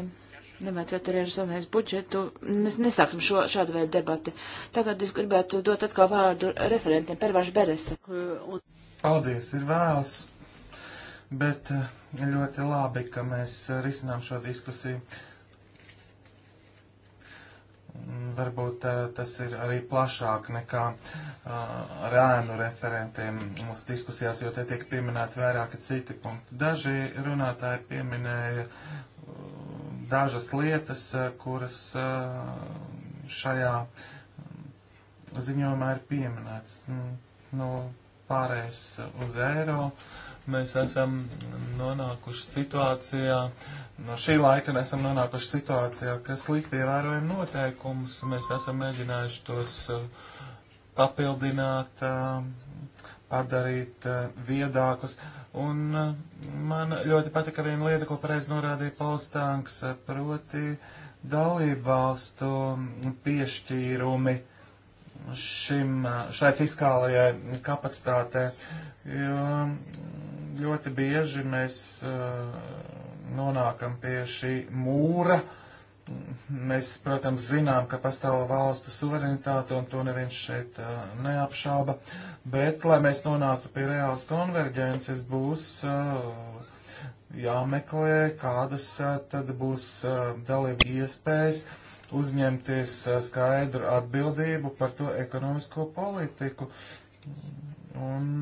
nevajadzētu arī ar savienības budžetu. Mēs nesāksim šo, šādu veidu debati. Tagad es gribētu dot atkal vārdu referentiem Pervašu Beresa. Paldies, ir vēls, bet eh, ļoti labi, ka mēs risinām šo diskusiju. Varbūt eh, tas ir arī plašāk nekā eh, ar ēnu referentiem mūsu diskusijās, jo te tiek pieminēti vairāki citi punkti. Daži runātāji pieminēja dažas lietas, eh, kuras eh, šajā mm, ziņojumā ir pieminēts. Mm, no nu, pārējais eh, uz eiro mēs esam nonākuši situācijā, no šī laika esam nonākuši situācijā, ka slikti ievērojam noteikumus, mēs esam mēģinājuši tos papildināt, padarīt viedākus. Uh, Un eh, man ļoti patika viena lieta, ko pareizi norādīja Pauls Tanks, eh, proti dalību valstu piešķīrumi šim, eh, šai fiskālajai kapacitātei, jo mm, ļoti bieži mēs uh, nonākam pie šī mūra, uh, Mēs, protams, zinām, ka pastāv valstu suverenitāte, un to neviens šeit uh, neapšauba, bet, lai mēs nonāktu pie reālas konverģences, būs uh, jāmeklē, kādas uh, tad būs uh, dalība iespējas uzņemties uh, skaidru atbildību par to ekonomisko politiku un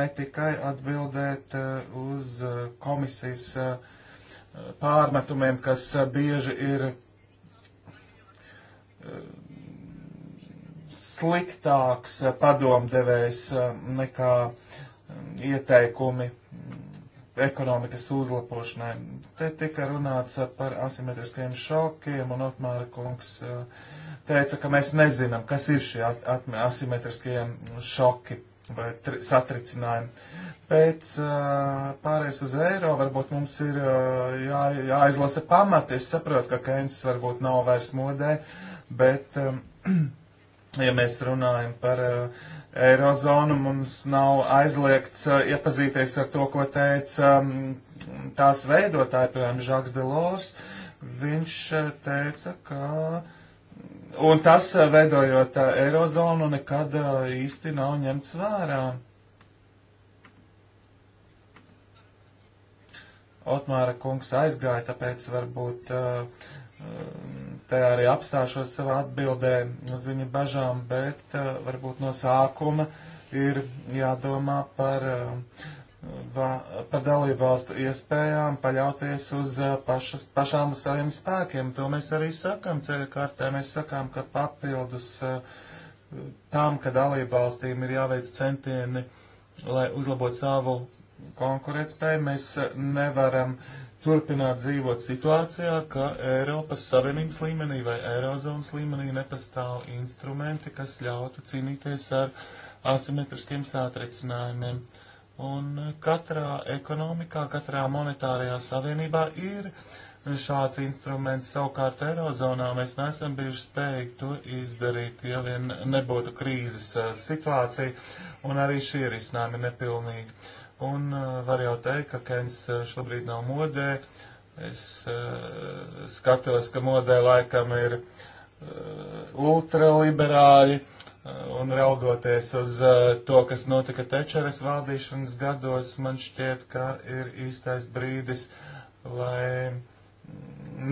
ne tikai atbildēt uz komisijas pārmetumiem, kas eh, bieži ir eh, sliktāks eh, padomdevējs nekā ieteikumi mm, ekonomikas uzlabošanai. Te tika runāts par asimetriskajiem šokiem, un Otmāra kungs teica, ka mēs nezinām, kas ir šie asimetriskie šoki vai satricinājumi pēc uh, pārējais uz eiro varbūt mums ir uh, jā, jāizlasa pamati. Es saprotu, ka Keynes varbūt nav vairs modē, bet, um, ja mēs runājam par uh, eirozonu, mums nav aizliegts uh, iepazīties ar to, ko teica um, tās veidotāji, piemēram, Žaks Delors. Viņš uh, teica, ka. Un tas, uh, veidojot uh, eirozonu, nekad uh, īsti nav ņemts vērā. Uh, Otmāra kungs aizgāja, tāpēc varbūt uh, um, te arī apstāšos savā atbildē uz viņa bažām, bet uh, varbūt no sākuma ir jādomā par, uh, par dalību valstu iespējām paļauties uz pašas, pašām saviem spēkiem. To mēs arī sakam ceļa kartē. Mēs sakām, ka papildus tam, ka dalību valstīm ir jāveic centieni, lai uzlabotu savu konkurētspēju, mēs nevaram turpināt dzīvot situācijā, ka Eiropas Savienības līmenī vai Eirozonas līmenī nepastāv instrumenti, kas ļautu cīnīties ar asimetriskiem sātricinājumiem. Un katrā ekonomikā, katrā monetārajā savienībā ir šāds instruments. Savukārt Eirozonā mēs neesam bijuši spējīgi to izdarīt, ja vien nebūtu krīzes situācija, un arī šie risinājumi nepilnīgi. Uh, Un uh, var jau teikt, ka Kens uh, šobrīd nav modē. Es uh, skatos, ka modē laikam ir ultraliberāļi. Un raugoties uz to, kas notika Tečeres valdīšanas gados, man šķiet, ka ir īstais brīdis, lai mm,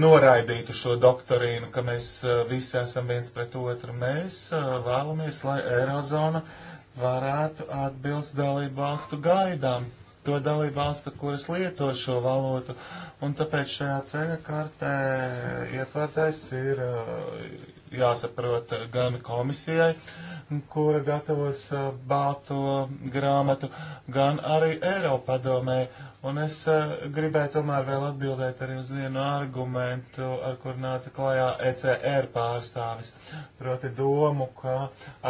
noraidītu šo doktorīnu, ka mēs visi esam viens pret otru. Mēs vēlamies, lai Eirozona uh, varētu atbilst dalību valstu gaidām, to dalību valstu, kuras lieto šo valodu. Un tāpēc šajā ceļa kartē ietvertais ir uh, jāsaprot gan komisijai, kura gatavos balto grāmatu, gan arī Eiropadomē. Un es gribēju tomēr vēl atbildēt arī uz vienu argumentu, ar kur nāca klajā ECR pārstāvis. Proti domu, ka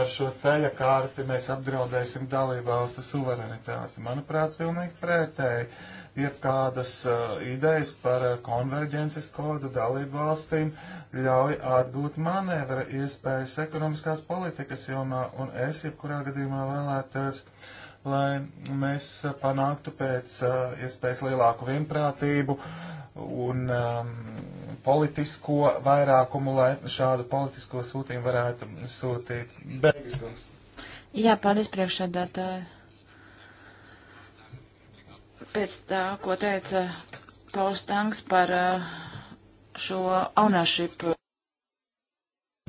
ar šo ceļa kārti mēs apdraudēsim dalībvalstu suverenitāti. Manuprāt, pilnīgi pretēji. Uh, ir kādas uh, idejas par uh, konverģences kodu dalību valstīm, ļauj atgūt manevra iespējas ekonomiskās politikas jomā, un es jebkurā gadījumā vēlētos, lai mēs uh, panāktu pēc uh, iespējas lielāku vienprātību un um, politisko vairākumu, lai šādu politisko sūtījumu varētu sūtīt beigas. Jā, paldies priekšsēdētāji. Pēc tā, ko teica Pauls Tanks par uh, šo ownership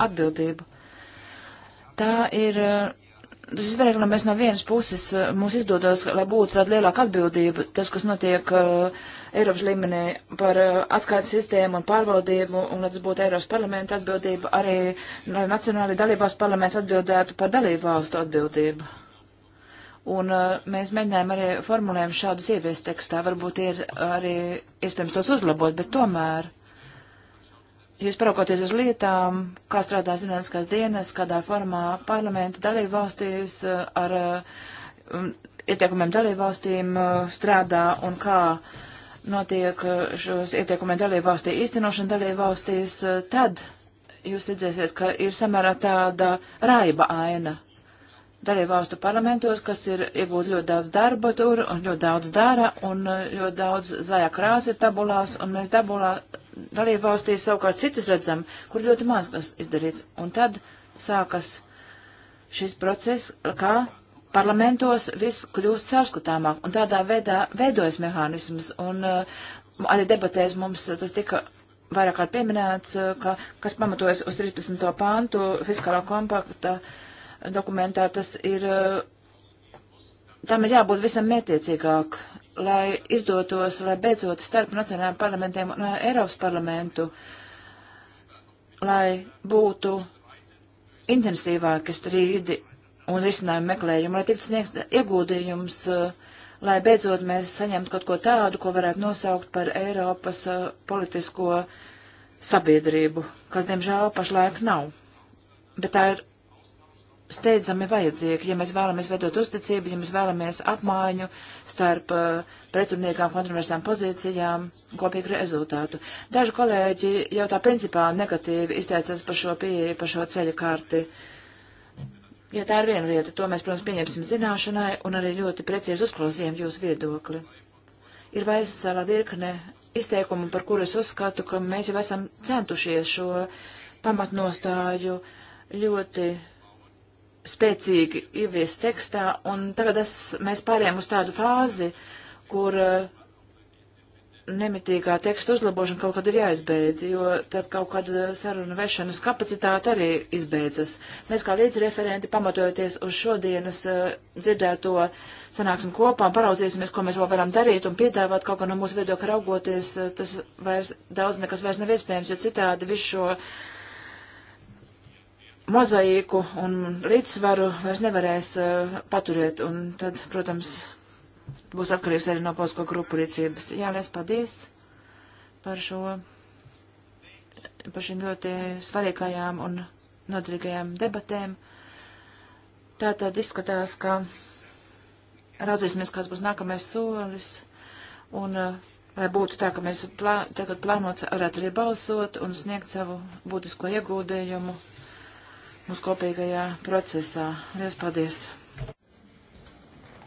atbildību, tā ir uh, tas izvairās, ka mēs no vienas puses uh, mums izdodas, lai būtu tāda lielāka atbildība, tas, kas notiek uh, Eiropas līmenī par uh, atskaites sistēmu un pārvaldību, un lai tas būtu Eiropas parlamenta atbildība, arī lai nacionāli dalībās parlaments atbildētu par dalībvalstu atbildību. Un uh, mēs mēģinājām arī formulējumu šādus ieviest tekstā. Varbūt ir arī iespējams tos uzlabot, bet tomēr, jūs paraugoties uz lietām, kā strādā zinātniskās dienas, kādā formā parlamentu dalību valstīs uh, ar uh, um, ieteikumiem dalību valstīm uh, strādā un kā notiek uh, šos ieteikumiem dalību valstī īstenošana dalību valstīs, uh, tad jūs redzēsiet, ka ir samērā tāda raiba aina dalībvalstu parlamentos, kas ir iegūt ļoti daudz darba tur un ļoti daudz dara un eh, ļoti daudz zaļā krāsa ir tabulās un mēs dabulā dalībvalstīs savukārt citas redzam, kur ļoti maz kas izdarīts. Un tad sākas šis process, kā parlamentos viss kļūst caurskatāmāk un tādā veidā veidojas mehānisms un uh, arī debatēs mums tas tika vairāk kārt pieminēts, eh, ka, kas pamatojas uz 13. pāntu fiskālā kompakta uh, dokumentā tas ir, eh, tam ir jābūt visam mētiecīgāk, lai izdotos, lai beidzot starp nacionālajiem parlamentiem un eh, Eiropas parlamentu, lai būtu intensīvāki strīdi un risinājumu meklējumi, lai tiktu sniegts ieguldījums, eh, lai beidzot mēs saņemtu kaut ko tādu, ko varētu nosaukt par Eiropas politisko sabiedrību, kas, diemžēl, pašlaik nav. Bet tā ir steidzami vajadzīgi, ja mēs vēlamies veidot uzticību, ja mēs vēlamies apmaiņu starp uh, pretrunīgām kontroversām pozīcijām, kopīgu rezultātu. Daži kolēģi jau tā principā negatīvi izteicās par šo pieeju, par šo ceļu karti. Ja tā ir viena lieta, to mēs, protams, pieņemsim zināšanai un arī ļoti precīzi uzklausījām jūsu viedokli. Ir vesela virkne izteikumu, par kuru es uzskatu, ka mēs jau esam centušies šo pamatnostāju ļoti spēcīgi ievies tekstā, un tagad es, mēs pārējām uz tādu fāzi, kur uh, nemitīgā teksta uzlabošana kaut kad ir jāizbeidz, jo tad kaut kāda eh, saruna vešanas kapacitāte arī izbeidzas. Mēs kā līdzreferenti, pamatojoties uz šodienas uh, dzirdēto, sanāksim kopā un paraudzīsimies, ko mēs vēl varam darīt un piedāvāt kaut kā no mūsu viedokļa raugoties. Uh, tas vairs daudz nekas vairs nav iespējams, jo citādi visu šo mozaīku un līdzsvaru vairs nevarēs uh, paturēt, un tad, protams, būs atkarīgs arī no polsko grupu rīcības. Jā, liels paldies par šo, par šīm ļoti svarīgajām un noderīgajām debatēm. Tā tad izskatās, ka raudzīsimies, kāds būs nākamais solis, un uh, lai būtu tā, ka mēs plā, tagad plānots varētu arī balsot un sniegt savu būtisko ieguldījumu mūsu kopīgajā procesā. Lielas paldies!